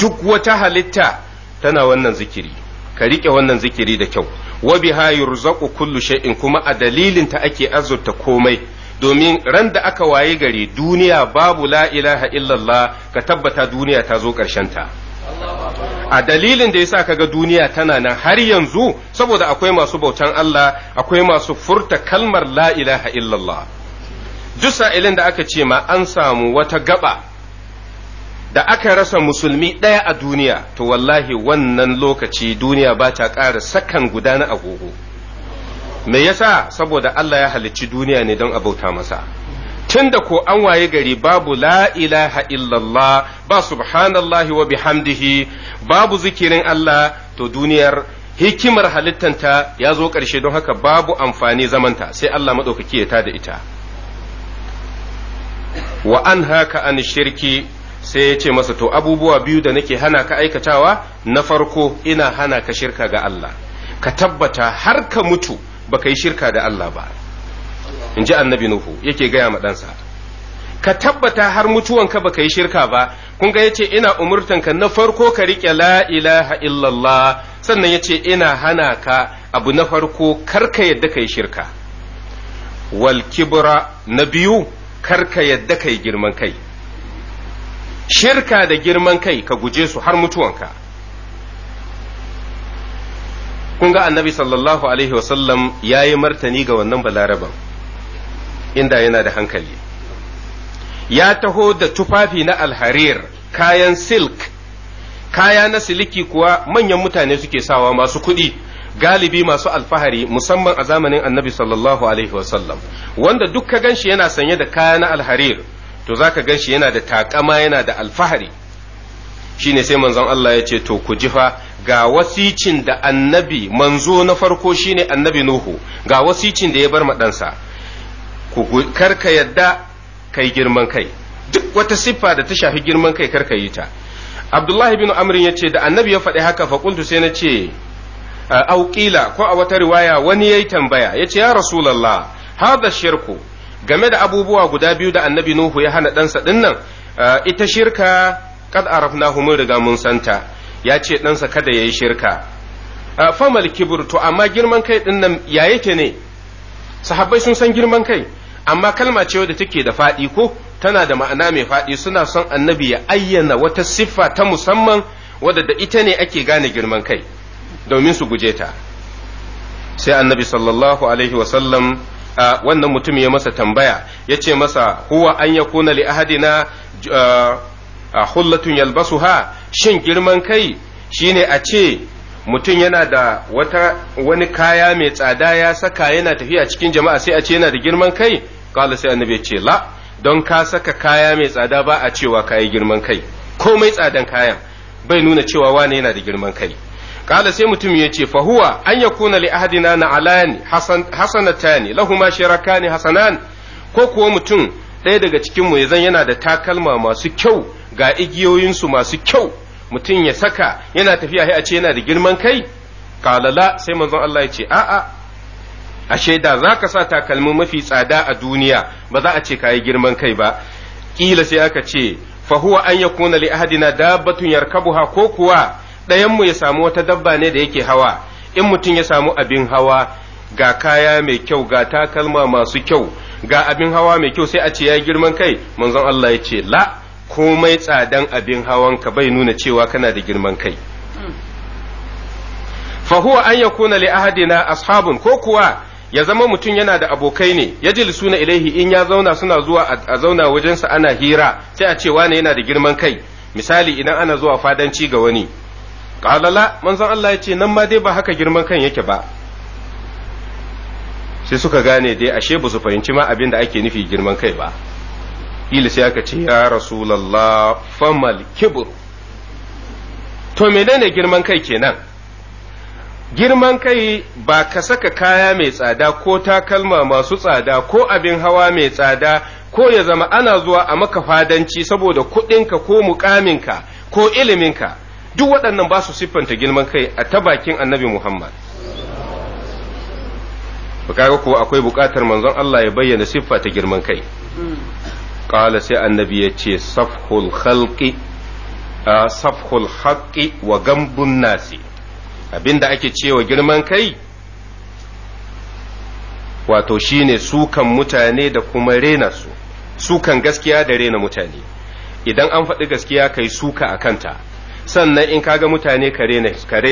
duk wata halitta tana wannan zikiri ka rike wannan zikiri da kyau wa biha yurzaqu kullu shay'in kuma a dalilin ta ake azurta komai domin ran da aka waye gari duniya babu la ilaha illallah ka tabbata duniya ta zo karshen ta a dalilin da yasa kaga duniya tana nan har yanzu saboda akwai masu bautan Allah akwai masu furta kalmar la ilaha illallah duk sa'ilin da aka ce ma an samu wata gaba da aka rasa musulmi ɗaya a duniya to wallahi wannan lokaci duniya ba ta ƙara sakan guda na agogo me yasa saboda Allah ya halicci duniya ne don abauta masa tun da ko an waye gari babu la ilaha illallah ba subhanallahi wa bihamdihi babu zikirin Allah to duniyar hikimar halittanta ya zo ƙarshe don haka babu amfani zamanta sai Allah maɗaukaki ya da ita wa an haka an shirki sai ya ce masa to abubuwa biyu da nake hana ka aikatawa na farko ina hana ka shirka ga Allah ka tabbata har ka mutu baka yi shirka da Allah ba in ji annabi Nuhu yake gaya ma ɗansa ka tabbata har mutuwanka baka yi shirka ba kun ga yace ina umurtanka na farko ka riƙe la ilaha illallah sannan yace ina hana ka abu na farko kar ka yadda ka yi shirka wal kibra na biyu karka yadda kai girman kai shirka da girman kai ka guje su har mutuwanka kun ga annabi sallallahu alaihi wasallam ya yi martani ga wannan balaraban inda yana da hankali ya taho da tufafi na alharir kayan silk kaya na siliki kuwa manyan mutane suke sawa masu kuɗi galibi masu alfahari musamman a zamanin annabi sallallahu alaihi wasallam wanda duk ka ganshi yana sanye da kaya na alharir to zaka ganshi yana da takama yana da alfahari shine sai manzon Allah ya ce to ku jifa ga wasicin da annabi manzo na farko shine annabi nuhu ga wasicin da ya bar maɗansa ku karka yadda kai girman kai duk wata siffa da ta shafi girman kai karka yi ta abdullahi bin amrin ya ce da annabi ya faɗi haka faƙuntu sai na ce Uh, auƙila ko a wata riwaya wani ya yi tambaya ya ce ya rasulallah hada shirku game da abubuwa guda biyu da annabi nuhu ya hana ɗansa ɗinnan uh, ita shirka kad arafnahu mun riga mun santa ya ce ɗansa kada ya yi shirka uh, famal kibir to amma girman kai ɗinnan ya yake ne sahabbai sun san girman kai amma kalma ce wadda take da faɗi ko tana da ma'ana mai faɗi suna son annabi ya ayyana wata siffa ta musamman wadda da ita ne ake gane girman kai domin su guje ta sai annabi sallallahu alaihi wasallam wannan mutum ya masa tambaya ya ce masa huwa an ya kuna li ahadina hullatun ha shin girman kai shine a ce mutum yana da wata wani kaya mai tsada ya saka yana tafiya cikin jama'a sai a ce yana da girman kai kala sai annabi ya ce la don ka saka kaya mai tsada ba a cewa kayi girman kai komai tsadan kayan bai nuna cewa wane yana da girman kai kala sai mutum ya ce fahuwa an ya kuna li ahadina na alani hasanatani lahuma shirakani hasanan ko kuwa mutum ɗaya daga cikin mu zan yana da takalma masu kyau ga igiyoyinsu masu kyau mutum ya saka yana tafiya a ce yana da girman kai kalala sai manzon Allah ya ce a'a ashe da za ka sa takalmi mafi tsada a duniya ba za a ce kayi girman kai ba kila sai aka ce fahuwa an ya kuna li ahadina dabbatun yarkabuha ko kuwa ɗayanmu ya samu wata dabba ne da yake hawa in mutum ya samu abin hawa ga kaya mai kyau ga takalma masu kyau ga abin hawa mai kyau sai a ce ya girman kai manzon Allah ya ce la komai tsadan abin hawan ka bai nuna cewa kana da girman kai fa huwa an yakuna li ahadina ashabun ko kuwa ya zama mutum yana da abokai ne ya ji suna ilaihi in ya zauna suna zuwa a zauna wajensa ana hira sai a ce wane yana da girman kai misali idan ana zuwa fadanci ga wani Ƙalala manzon Allah ya ce nan ma dai ba haka girman kan yake ba sai suka gane dai ashe ba su fahimci ma abin da ake nufi girman kai ba ila sai aka ce ya rasulallah famal kibur to menene girman kai kenan girman kai ba ka saka kaya mai tsada ko takalma masu tsada ko abin hawa mai tsada ko ya zama ana zuwa a maka fadanci saboda kuɗinka ko mukaminka ko iliminka duk waɗannan ba su siffanta girman kai a ta bakin annabi Muhammad. Bukari kuwa akwai buƙatar manzon Allah ya bayyana siffa ta girman kai. Ƙala sai annabi ya ce, Safhul khalqi safhul wa gambun nasi abinda ake cewa girman kai wato shine sukan mutane da kuma rena su sukan gaskiya da rena mutane idan an faɗi gaskiya kai suka a kanta sannan in kaga mutane ka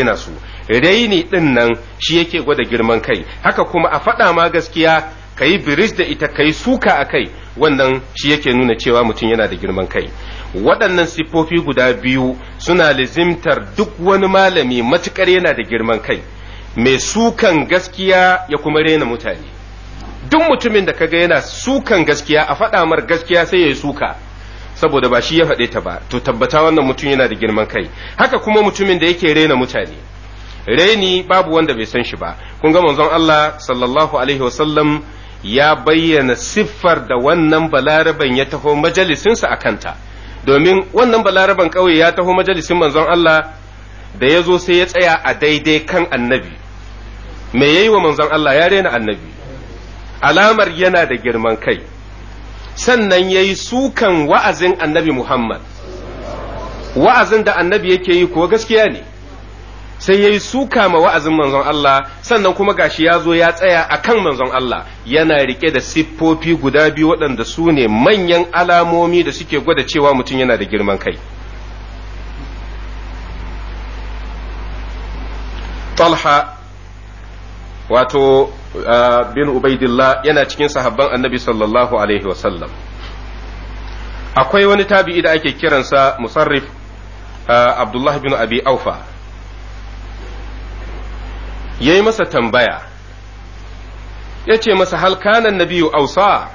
na su raini din nan shi yake gwada girman kai haka kuma a faɗa ma gaskiya ka yi biris da ita ka yi suka a kai wannan shi yake nuna cewa mutum yana da girman kai waɗannan siffofi guda biyu suna lizimtar duk wani malami matuƙar yana da girman kai mai sukan gaskiya ya kuma raina mutane duk mutumin da kaga yana sukan gaskiya a faɗa mar gaskiya sai ya suka saboda ba shi ya faɗe ta ba to tabbata wannan mutum yana da girman kai haka kuma mutumin da yake raina mutane raini babu wanda bai san shi ba kun ga manzon Allah sallallahu alaihi wasallam ya bayyana siffar da wannan balaraban ya taho majalisinsa a kanta domin wannan balaraban ƙauye ya taho majalisin manzon Allah da ya zo sai ya tsaya a daidai kan annabi me yayi wa manzon Allah ya raina annabi alamar yana da girman kai sannan ya yi sukan wa'azin annabi Muhammad wa'azin da annabi yake yi kuwa gaskiya ne sai ya yi suka ma wa'azin manzon Allah sannan kuma gashi ya zo ya tsaya a kan manzon Allah yana rike da siffofi guda biyu waɗanda su ne manyan alamomi da suke gwada cewa mutum yana da girman kai Talha wato uh, bin ubaidillah yana cikin sahabban annabi sallallahu alaihi wasallam akwai wani tabi'i da ake kiransa musarrif uh, abdullah bin abi aufa ya yi masa tambaya ya ce masa halkanan nabiyu ausa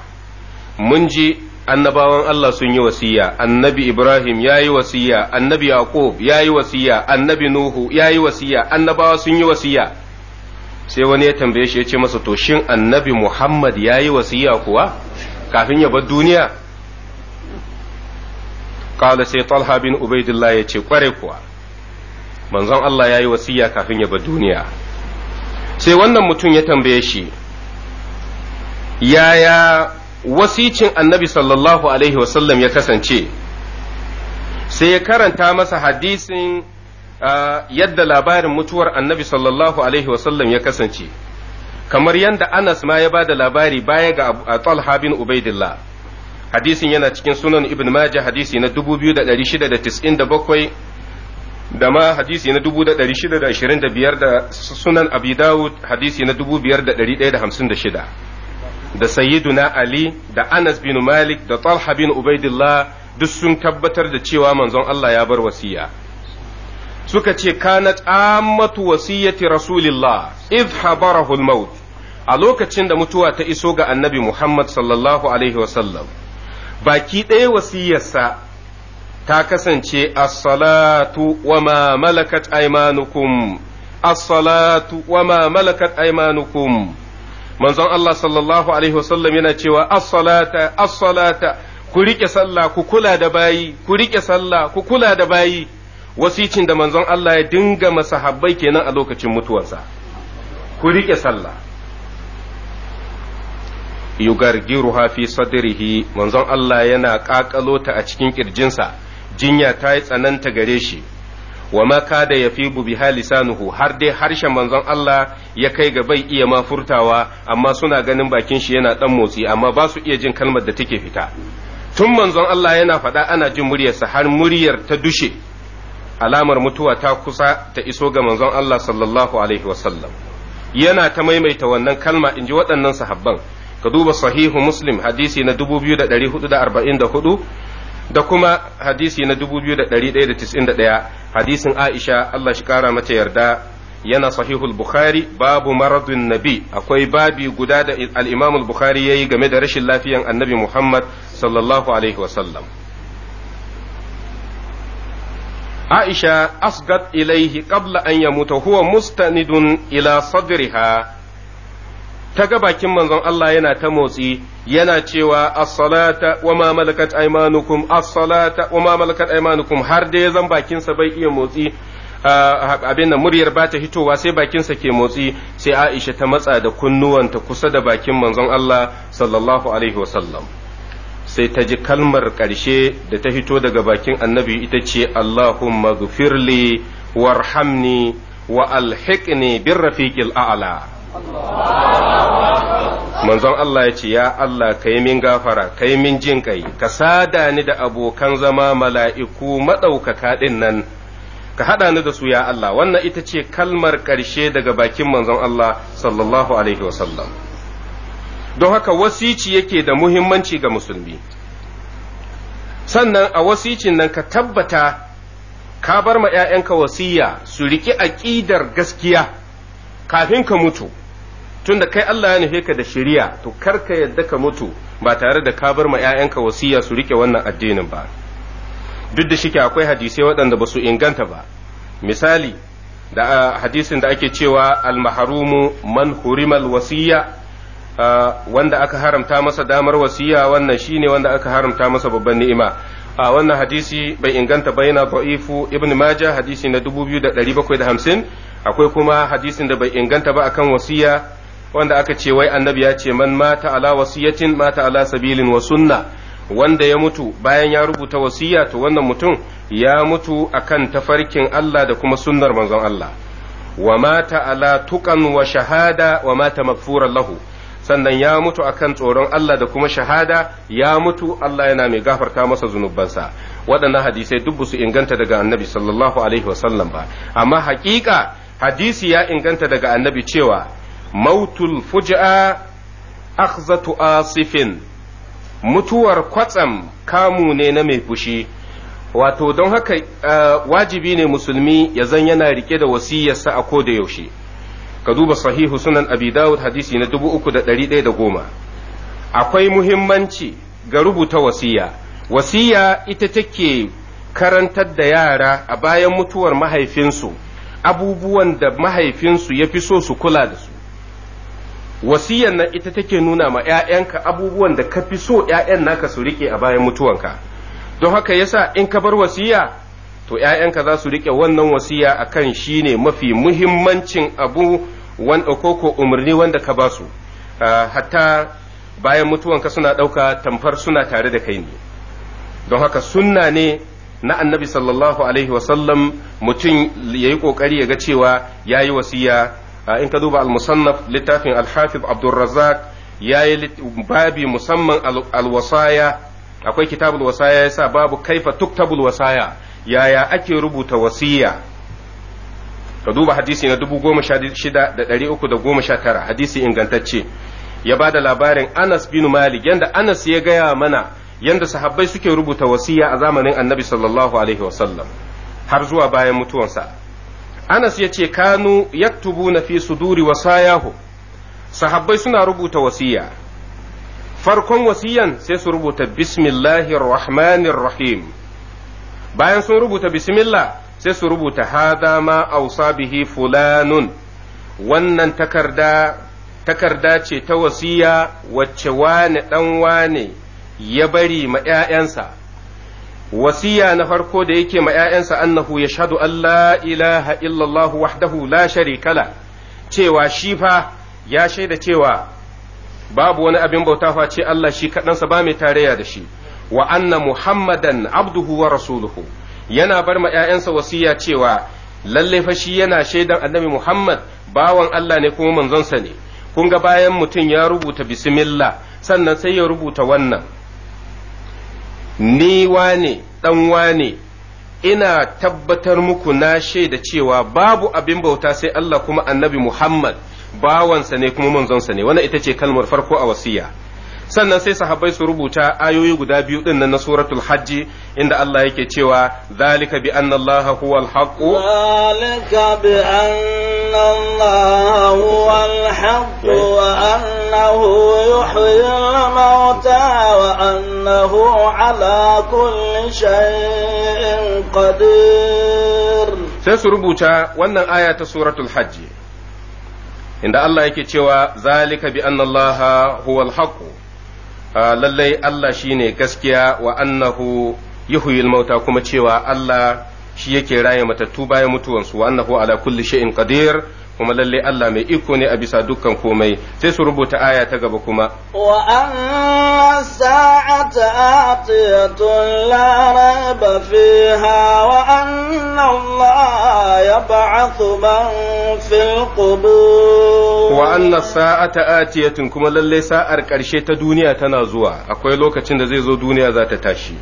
mun ji annabawan Allah sun yi wasiya annabi Ibrahim ya yi wasiya annabi Yaqub ya yi wasiya annabi Nuhu ya yi wasiya annabawa sun yi wasiya sai wani ya tambaye shi ya ce masa to shin annabi Muhammad ya yi wasiya kuwa kafin ya bar duniya qala sai Talha bin Ubaidillah ya ce kware kuwa manzon Allah ya yi wasiya kafin ya bar duniya sai wannan mutum ya tambaye shi yaya wasicin annabi sallallahu alaihi wasallam ya kasance sai ya karanta masa hadisin yadda labarin mutuwar annabi sallallahu alaihi wasallam ya kasance kamar yadda anas ma ya ba da labari baya ga talha bin ubaidillah hadisin yana cikin sunan ibn majah hadisi na 2697 da ma hadisi na 1625 da sunan abi dawud hadisi na 5156 da sayyiduna ali da anas bin malik da talha bin ubaidillah duk sun tabbatar da cewa manzon Allah ya bar wasiya suka ce kanat ammatu wasiyyati rasulillah idh habarahu al-maut a lokacin da mutuwa ta iso ga annabi Muhammad sallallahu alaihi wasallam baki ɗaya wasiyarsa ta kasance as-salatu wa ma malakat aymanukum as-salatu wa ma malakat aymanukum manzon Allah sallallahu alaihi wasallam yana cewa as-salata as-salata ku rike sallah ku kula da bayi ku rike sallah ku kula da bayi wasicin da manzon Allah ya dinga masahabbai kenan a lokacin mutuwarsa ku riƙe sallah yugargiruha fi sadrihi manzon Allah yana ƙaƙalo ta a cikin ƙirjinsa jinya ta yi tsananta gare shi wa ma kada ya fi biha har dai harshen manzon Allah ya kai ga bai iya mafurtawa, amma suna ganin bakin shi yana ɗan motsi amma ba su iya jin kalmar da take fita tun manzon Allah yana faɗa ana jin muryarsa har muryar ta dushe alamar mutuwa ta kusa ta iso ga manzon Allah sallallahu alaihi wasallam yana ta maimaita wannan kalma in ji waɗannan sahabban ka duba sahihu muslim hadisi na 2444 da kuma hadisi na 2191 hadisin aisha Allah shi kara mata yarda yana sahihul bukhari babu maradun nabi akwai babi guda da al imamul al-bukhari yayi game da rashin lafiyan annabi muhammad sallallahu alaihi wasallam aisha asgat ilaihi qabla an yamuta huwa mustanidun ila sadriha ta ga bakin manzon Allah yana ta motsi yana cewa as-salata wa ma malakat aymanukum as-salata wa ma malakat aymanukum har dai zan bakin sa bai iya motsi abin nan muryar ba ta hitowa sai bakinsa ke motsi sai Aisha ta matsa da kunnuwanta kusa da bakin manzon Allah sallallahu alaihi wasallam sai ta ji kalmar ƙarshe da ta fito daga bakin annabi ita ce Allahumma gufirli warhamni wa alhiqni bin rafiqil a'la manzon Allah ya ce ya Allah ka yi min gafara ka yi min jin kai ka sada ni da abokan zama mala'iku maɗaukaka ɗin nan ka haɗa ni da su ya Allah wannan ita ce kalmar ƙarshe daga bakin manzon Allah sallallahu alaihi wasallam don haka wasici yake da muhimmanci ga musulmi sannan a wasicin nan ka tabbata ka bar ma 'ya'yanka wasiya su riƙi aƙidar gaskiya kafin ka mutu tunda kai Allah ya nufe ka da shari'a to kar ka yadda ka mutu ba tare da ka bar ma 'ya'yanka wasiya su riƙe wannan addinin ba duk da shike akwai hadisai waɗanda ba su inganta ba misali da hadisin da ake cewa al maharumu man hurimal wasiya wanda aka haramta masa damar wasiya wannan shine wanda aka haramta masa babban ni'ima a wannan hadisi bai inganta ba na da'ifu ibn majah hadisi na 2750 akwai kuma hadisin da bai inganta ba akan wasiya wanda aka ce wai annabi ya ce man mata ala wasiyatin mata ala sabilin wa sunna wanda ya mutu bayan ya rubuta wasiya to wannan mutum ya mutu akan tafarkin Allah da kuma sunnar manzon Allah wa mata ala tuqan wa shahada wa mata maghfuran lahu sannan ya mutu a kan tsoron Allah da kuma shahada ya mutu Allah yana mai gafarta masa zunubansa waɗannan hadisai duk su inganta daga annabi sallallahu alaihi wasallam ba amma haƙiƙa hadisi ya inganta daga annabi cewa mautul fuja'a akhzatu asifin mutuwar kwatsam kamu ne na mai fushi wato don haka eh, wajibi ne musulmi ya zan yana rike da wasiyarsa a ko da yaushe ka duba sahihu sunan abi dawud hadisi na dubu uku da da goma akwai muhimmanci ga rubuta wasiya wasiya ita take karantar da yara a bayan mutuwar mahaifinsu abubuwan da mahaifinsu ya fi so su kula da su wasiyan nan ita take nuna ma 'ya'yanka abubuwan da ka fi so 'ya'yan naka su rike a bayan mutuwanka don haka yasa in ka bar wasiya to ‘ya'yanka za su riƙe wannan wasiya a kan shi ne mafi muhimmancin abu ko umarni wanda ka ba su ah, hatta bayan mutuwanka suna ɗauka tamfar suna tare da kai ne don haka sunna ne na annabi sallallahu alaihi wasallam mutum ya yi ƙoƙari ya ga cewa ya yi wasiya ah, in ka duba al-musannaf littafin al abdulrazak ya yi babi musamman al akwai kitabul wasaya yasa babu kaifa tuktabul wasaya yaya ake rubuta wasiya ka duba hadisi na dubu goma sha shida da ɗari uku da goma sha tara hadisi ingantacce ya ba da labarin anas bin malik yanda anas ya gaya mana yanda sahabbai suke rubuta wasiya a zamanin annabi sallallahu alaihi wasallam har zuwa bayan mutuwansa anas ya ce kanu yaktubu na fi suduri wasayahu sahabbai suna rubuta wasiya farkon wasiyan sai su rubuta bismillahir rahmanir rahim bayan sun rubuta bismillah sai su rubuta hada ma ausa bihi fulanun wannan takarda takarda ce ta wasiya wacce wane dan wane ya bari ma ƴaƴansa wasiya na farko da yake ma ƴaƴansa annahu yashhadu an la ilaha illallah wahdahu la sharika cewa shi fa ya shaida cewa babu wani abin bauta face Allah shi kaɗansa ba mai tarayya da shi wa anna muhammadan abduhu wa rasuluhu yana bar ma ‘ya'yansa wasiya cewa lalle fa shi yana shaidan annabi muhammad bawan allah ne kuma manzonsa ne kun ga bayan mutum ya rubuta bismillah sannan sai ya rubuta wannan ni wane dan wane ina tabbatar muku na shaida cewa babu abin bauta sai Allah kuma annabi Muhammad bawansa ne kuma manzonsa ne wannan ita ce kalmar farko a wasiya sannan sai sahabbai su rubuta ayoyi guda biyu din nan na suratul hajji inda Allah yake cewa zalika bi anna Allah huwal haqq zalika bi anna Allah huwal haqq wa annahu yuhyi al-mauta wa annahu ala kulli shay'in qadir sai su rubuta wannan aya ta suratul hajji inda Allah yake cewa zalika bi anna Allah huwal haqq Ah, lallai Allah shine gaskiya wa annahu yuhyil mauta kuma cewa Allah shi yake raye matattu bayan mutuwansu wa annahu ala kulli shay'in qadir kuma lalle Allah mai iko ne a bisa dukkan komai sai su rubuta aya ta gaba kuma wa anna sa'ata atiyatun la raiba fiha wa anna Allah yab'athu man fil qubur wa anna sa'ata atiyatun kuma lalle sa'ar karshe ta duniya tana zuwa akwai lokacin da zai zo duniya za ta tashi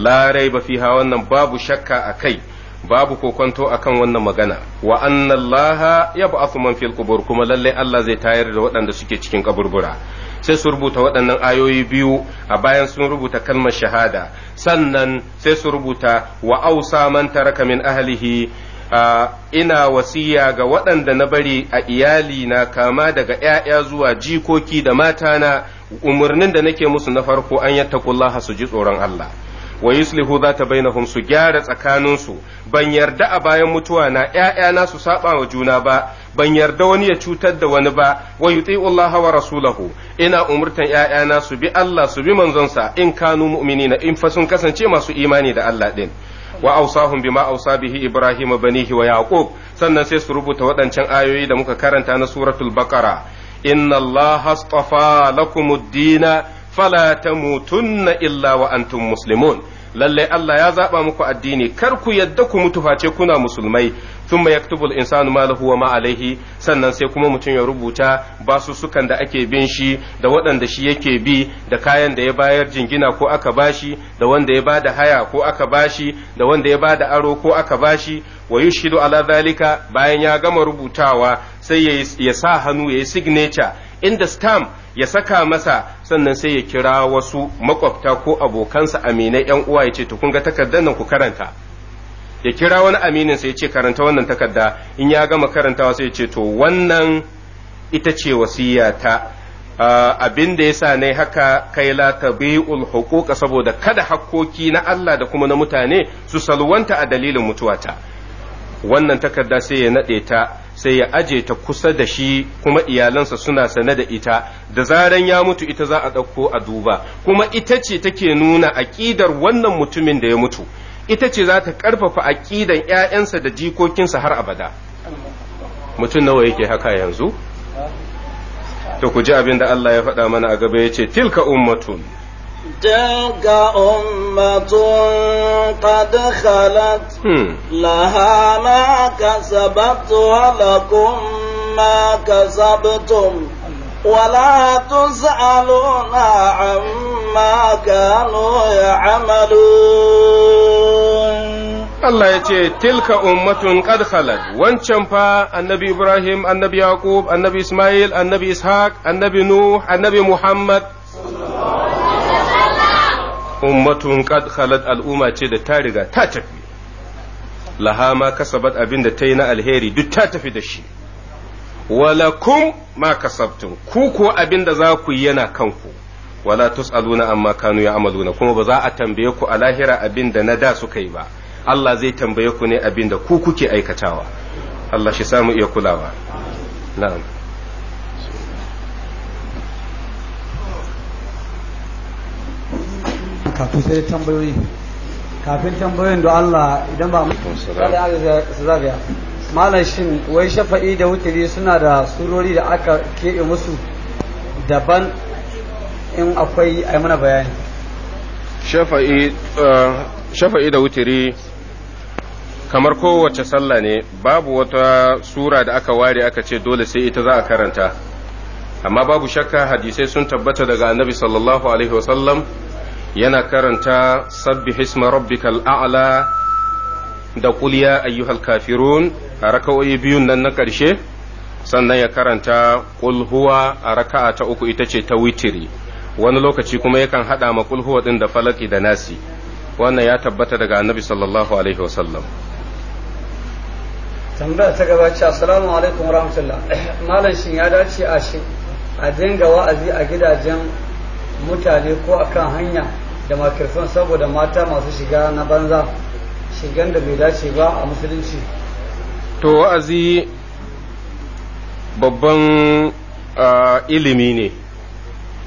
la raiba fiha wannan babu shakka a kai babu kokonto akan wannan magana wa annallaha yab'athu man fil qubur kuma lalle Allah zai tayar da waɗanda suke cikin kaburbura sai su rubuta waɗannan ayoyi biyu a bayan sun rubuta kalmar shahada sannan sai su rubuta wa ausa man taraka min ahlihi ina wasiya ga waɗanda na bari a iyali na kama daga ‘ya'ya zuwa jikoki da matana umarnin da nake musu na farko an yattaqullaha su ji tsoron Allah wa yuslihu zata bainahum su gyara tsakaninsu ban yarda a bayan mutuwa na ƴaƴana su saba wa juna ba ban yarda wani ya cutar da wani ba wa yuti'u Allah wa rasulahu ina umurtan ƴaƴana su bi Allah su bi manzonsa in kanu na in fa sun kasance masu imani da Allah din wa ausahum bima ausa bihi ibrahim banihi wa yaqub sannan sai su rubuta waɗancan ayoyi da muka karanta na suratul baqara inna allaha astafa lakumud dina fala tamutunna illa wa antum muslimun lalle Allah ya zaba muku addini kar ku yadda ku mutu face kuna musulmai thumma yaktubu al-insanu ma lahu wa ma sannan sai kuma mutum ya rubuta basu sukan da ake bin shi da waɗanda shi yake bi da kayan da ya bayar jingina ko aka bashi da wanda ya bada haya ko aka bashi da wanda ya bada aro ko aka bashi wa yushhidu ala zalika bayan ya gama rubutawa sai ya sa hannu ya yi signature inda stamp ya saka masa sannan sai ya kira wasu makwabta ko abokansa aminai yan uwa ya ce to kun ga takardar nan ku karanta ya kira wani aminin sai ya ce karanta wannan takarda in ya gama karantawa sai ya ce to wannan ita ce wasiyata abin da yasa ne haka kai la tabi'ul saboda kada hakkoki na Allah da kuma na mutane su salwanta a dalilin mutuwata wannan takarda sai ya naɗe ta sai ya aje ta kusa da shi kuma iyalansa suna sane da ita da zaran ya mutu ita za a ɗauko a duba kuma ita ce take nuna aƙidar wannan mutumin da ya mutu ita ce za ta ƙarfafa aƙidan ‘ya'yansa da jikokinsa har abada mutum nawa yake haka yanzu to ku ji abin da Allah ya faɗa mana a gaba ya ce tilka ummatun تلك أمة قد خلت لها ما كسبت ولكم ما كسبتم ولا تسألون عما كانوا يعملون الله يجي تلك أمة قد خلت وان شمفا النبي إبراهيم النبي يعقوب النبي إسماعيل النبي إسحاق النبي نوح النبي محمد ummatun qad khalat al'umma ce da ta riga ta tafi laha ma kasabat abin da ta yi na alheri duk ta tafi da shi walakum ma kasabtum ku ko abin da za ku yi yana kanku wala tus'aluna amma kanu ya'maluna kuma ba za a tambaye ku a lahira abin da na da suka yi ba Allah zai tambaye ku ne abin da ku kuke aikatawa Allah shi samu iya kulawa na'am kafin sai tambayoyi kafin tambayoyin da Allah idan ba su zagaya malam shin wai shafa'i da wutiri suna da surori da aka keɓe musu daban in akwai a mana bayani shafa'i eh, da wutiri kamar kowace sallah ne babu wata sura da aka ware aka ce dole sai ita za a karanta amma babu shakka hadisai sun tabbata daga annabi sallallahu alaihi wasallam yana karanta sabbi hisma rabbikal a'la da kuliya ayyuhal kafirun a raka'o'i biyun nan na ƙarshe sannan ya karanta kul huwa a raka'a ta uku ita ce ta witiri wani lokaci kuma yakan haɗa ma kul huwa ɗin da falaki da nasi wannan ya tabbata daga annabi sallallahu alaihi wasallam tambaya ta gaba ce assalamu alaikum warahmatullah malam shin ya dace a shi a dinga wa'azi a gidajen mutane ko a kan hanya da makirfan saboda mata masu shiga na banza shigan da bai dace ba a musulunci to wa'azi babban ilimi ne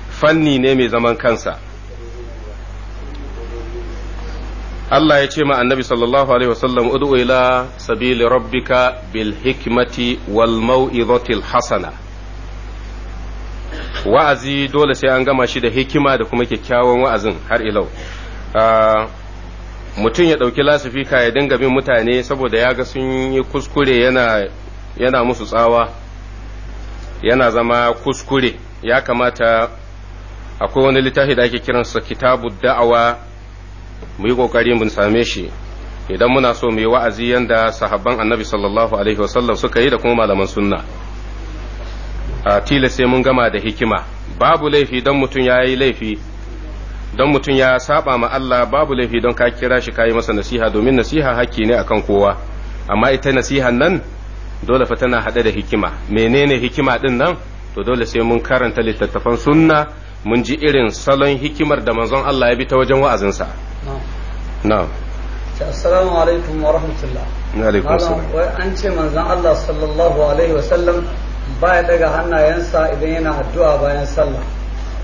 fanni ne mai zaman kansa Allah ya ce ma annabi sallallahu alaihi wasallam ud'u ila sabili rabbika bil hikmati wal mau'izatil hasana wa'azi dole sai an gama shi da hikima da kuma kyakkyawan wa'azin har ilau ah, mutum ya ɗauki lasifika ya dinga bin mutane saboda ya ga sun yi kuskure yana musu tsawa yana zama kuskure ya kamata akwai wani littafi da ake kiransa kitabu da'awa mu yi ƙoƙari mun same shi idan muna so mu yi wa'azi yanda sahabban annabi sallallahu alaihi wasallam suka yi da kuma malaman sunna tila sai mun gama da hikima babu laifi don mutum ya yi laifi don mutum ya saba ma Allah babu laifi don ka kira shi ka yi masa nasiha domin nasiha hakki ne akan kowa amma ita nasihan nan dole fa tana haɗe da hikima menene hikima din nan to dole sai mun karanta littattafan sunna mun ji irin salon hikimar da manzon Allah ya bi ta wajen wa'azinsa na'am assalamu alaikum wa rahmatullah wa alaikum assalam an ce manzon Allah sallallahu alaihi wa sallam Ba ya daga hannayensa idan yana addu'a bayan sallah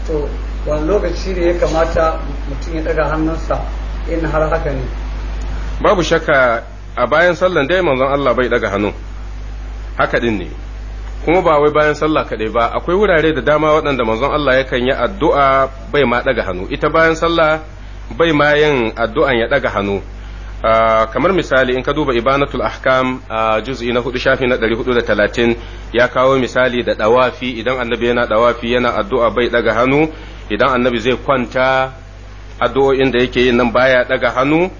to wani lokaci ne ya kamata mutum ya daga hannunsa in har haka ne babu shakka a bayan sallah dai manzon Allah bai daga hannu haka din ne kuma ba wai bayan sallah kaɗai ba akwai wurare da dama waɗanda manzon Allah yakan yi addu'a bai ma daga hannu ita bayan sallah bai ma yin addu'an ya daga hannu Ah, kamar misali in ka duba ibanatul ahkam a ah, juz'i na hudu shafi na ɗari hudu da talatin ya kawo misali da ɗawafi idan annabi yana dawafi yana addu'a bai daga hannu idan annabi zai kwanta addu'o'in da yake yin nan baya daga hannu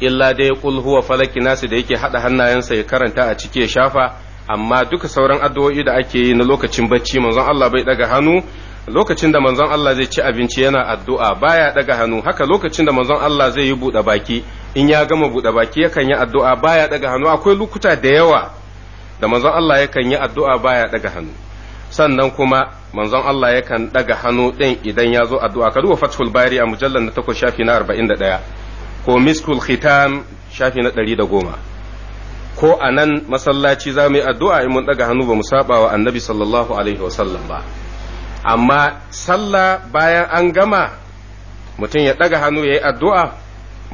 illa dai kul huwa falaki nasi da yake hada hannayensa ya karanta a cike shafa amma duka sauran addu'o'i da ake yi na lokacin bacci manzon Allah bai daga hannu lokacin da manzon Allah zai ci abinci yana addu'a baya daga hannu haka lokacin da manzon Allah zai yi buɗe baki in ya gama buɗe baki yakan yi addu'a baya daga hannu akwai lokuta da yawa da manzon Allah yakan yi addu'a baya daga hannu sannan kuma manzon Allah yakan daga hannu ɗin idan ya zo addu'a ka duba fathul bari a mujallar na takwas shafi na arba'in da ɗaya ko miskul khitam shafi na ɗari da goma ko a nan masallaci za mu yi addu'a in mun daga hannu ba mu saba wa annabi sallallahu alaihi wasallam ba amma sallah bayan an gama mutum ya ɗaga hannu ya yi addu'a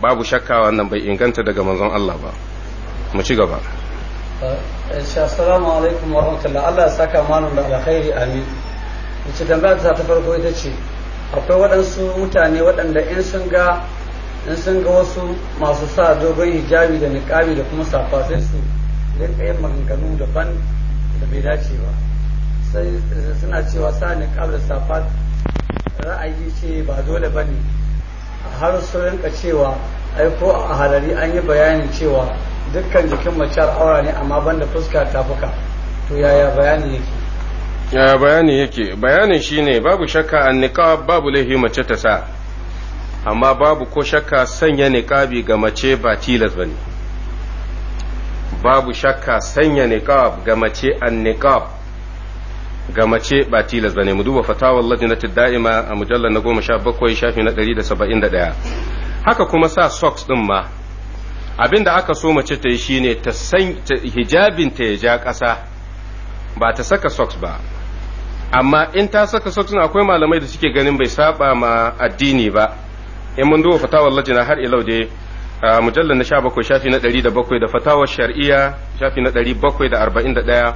babu shakka wannan bai inganta daga manzon Allah ba mu ci gaba eh, assalamu alaikum wa rahmatullah Allah ya saka malam da alkhairi amin wace tambaya ta ta farko ita ce akwai waɗansu mutane waɗanda in sun ga in sun ga wasu masu sa dogon hijabi da niqabi da kuma safa sai su rinka yin maganganu daban da bai dace ba sai eh, suna cewa sa niqab da safat ra'ayi ce ba dole bane har su rinka cewa ai ko a halari an yi bayani cewa dukkan jikin macar aura ne amma banda fuska fuka to yaya bayani yake yaya bayani yake bayanin shine babu shakka an niqab babu laifi mace ta sa amma babu ko shakka sanya niqabi ga mace ba tilas bane babu shakka sanya niqab ga mace an niqab ga mace ba tilas bane mu duba fatawar lajnatul da'ima a mujallar na goma sha bakwai shafi na ɗari da saba'in da ɗaya haka kuma sa socks ɗin ma abin da aka so mace ta yi shine ta san hijabin ta ya ja ƙasa ba ta saka socks ba amma in ta saka socks akwai malamai da suke ganin bai saba ma addini ba in mun duba fatawar lajina har ilau dai a mujallar na 17 shafi na 107 da fatawar shari'a shafi na 741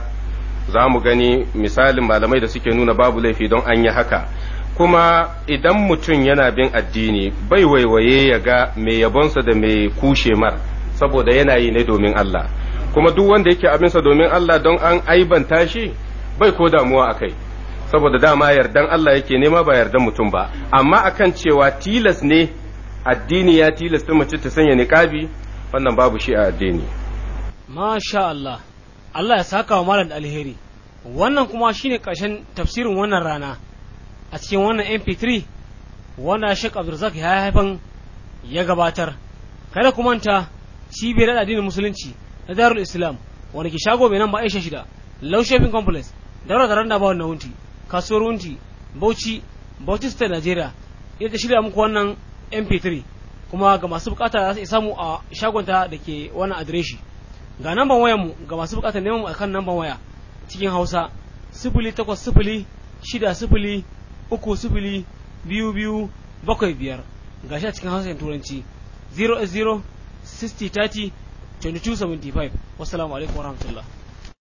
za mu gani misalin malamai da suke nuna babu laifi don an yi haka kuma idan mutum yana bin addini bai waiwaye ya ga mai yabonsa da mai kushe mar saboda yana yi ne domin Allah kuma duk wanda yake abinsa domin Allah don an aibanta shi bai ko damuwa a kai saboda dama yardan Allah yake nema ba yardan mutum ba amma akan cewa tilas ne addini ya tilasta mace ta sanya niqabi wannan babu shi a addini masha Allah Allah ya saka wa malam da alheri wannan kuma shine ƙarshen tafsirin wannan rana a cikin wannan mp3 wanda Sheikh Abdulrazak ya haifan ya gabatar kada ku manta cibiyar addinin musulunci na Darul Islam wanda ke shago mai nan ba Aisha shida Low shaping Complex daura da randa ba wannan wunti kasuwar wunti Bauchi Bauchi State Nigeria ita ta shirya muku wannan mp3 kuma ga masu bukata za su samu a shagonta da ke wannan adireshi ga namban wayan mu ga masu bukatar neman mu akan namban waya cikin Hausa sifili uku sifili biyu bakwai biyar ga shi a cikin hausa turanci 0 0 60 30 22 75 wasu alaikum warahmatullahi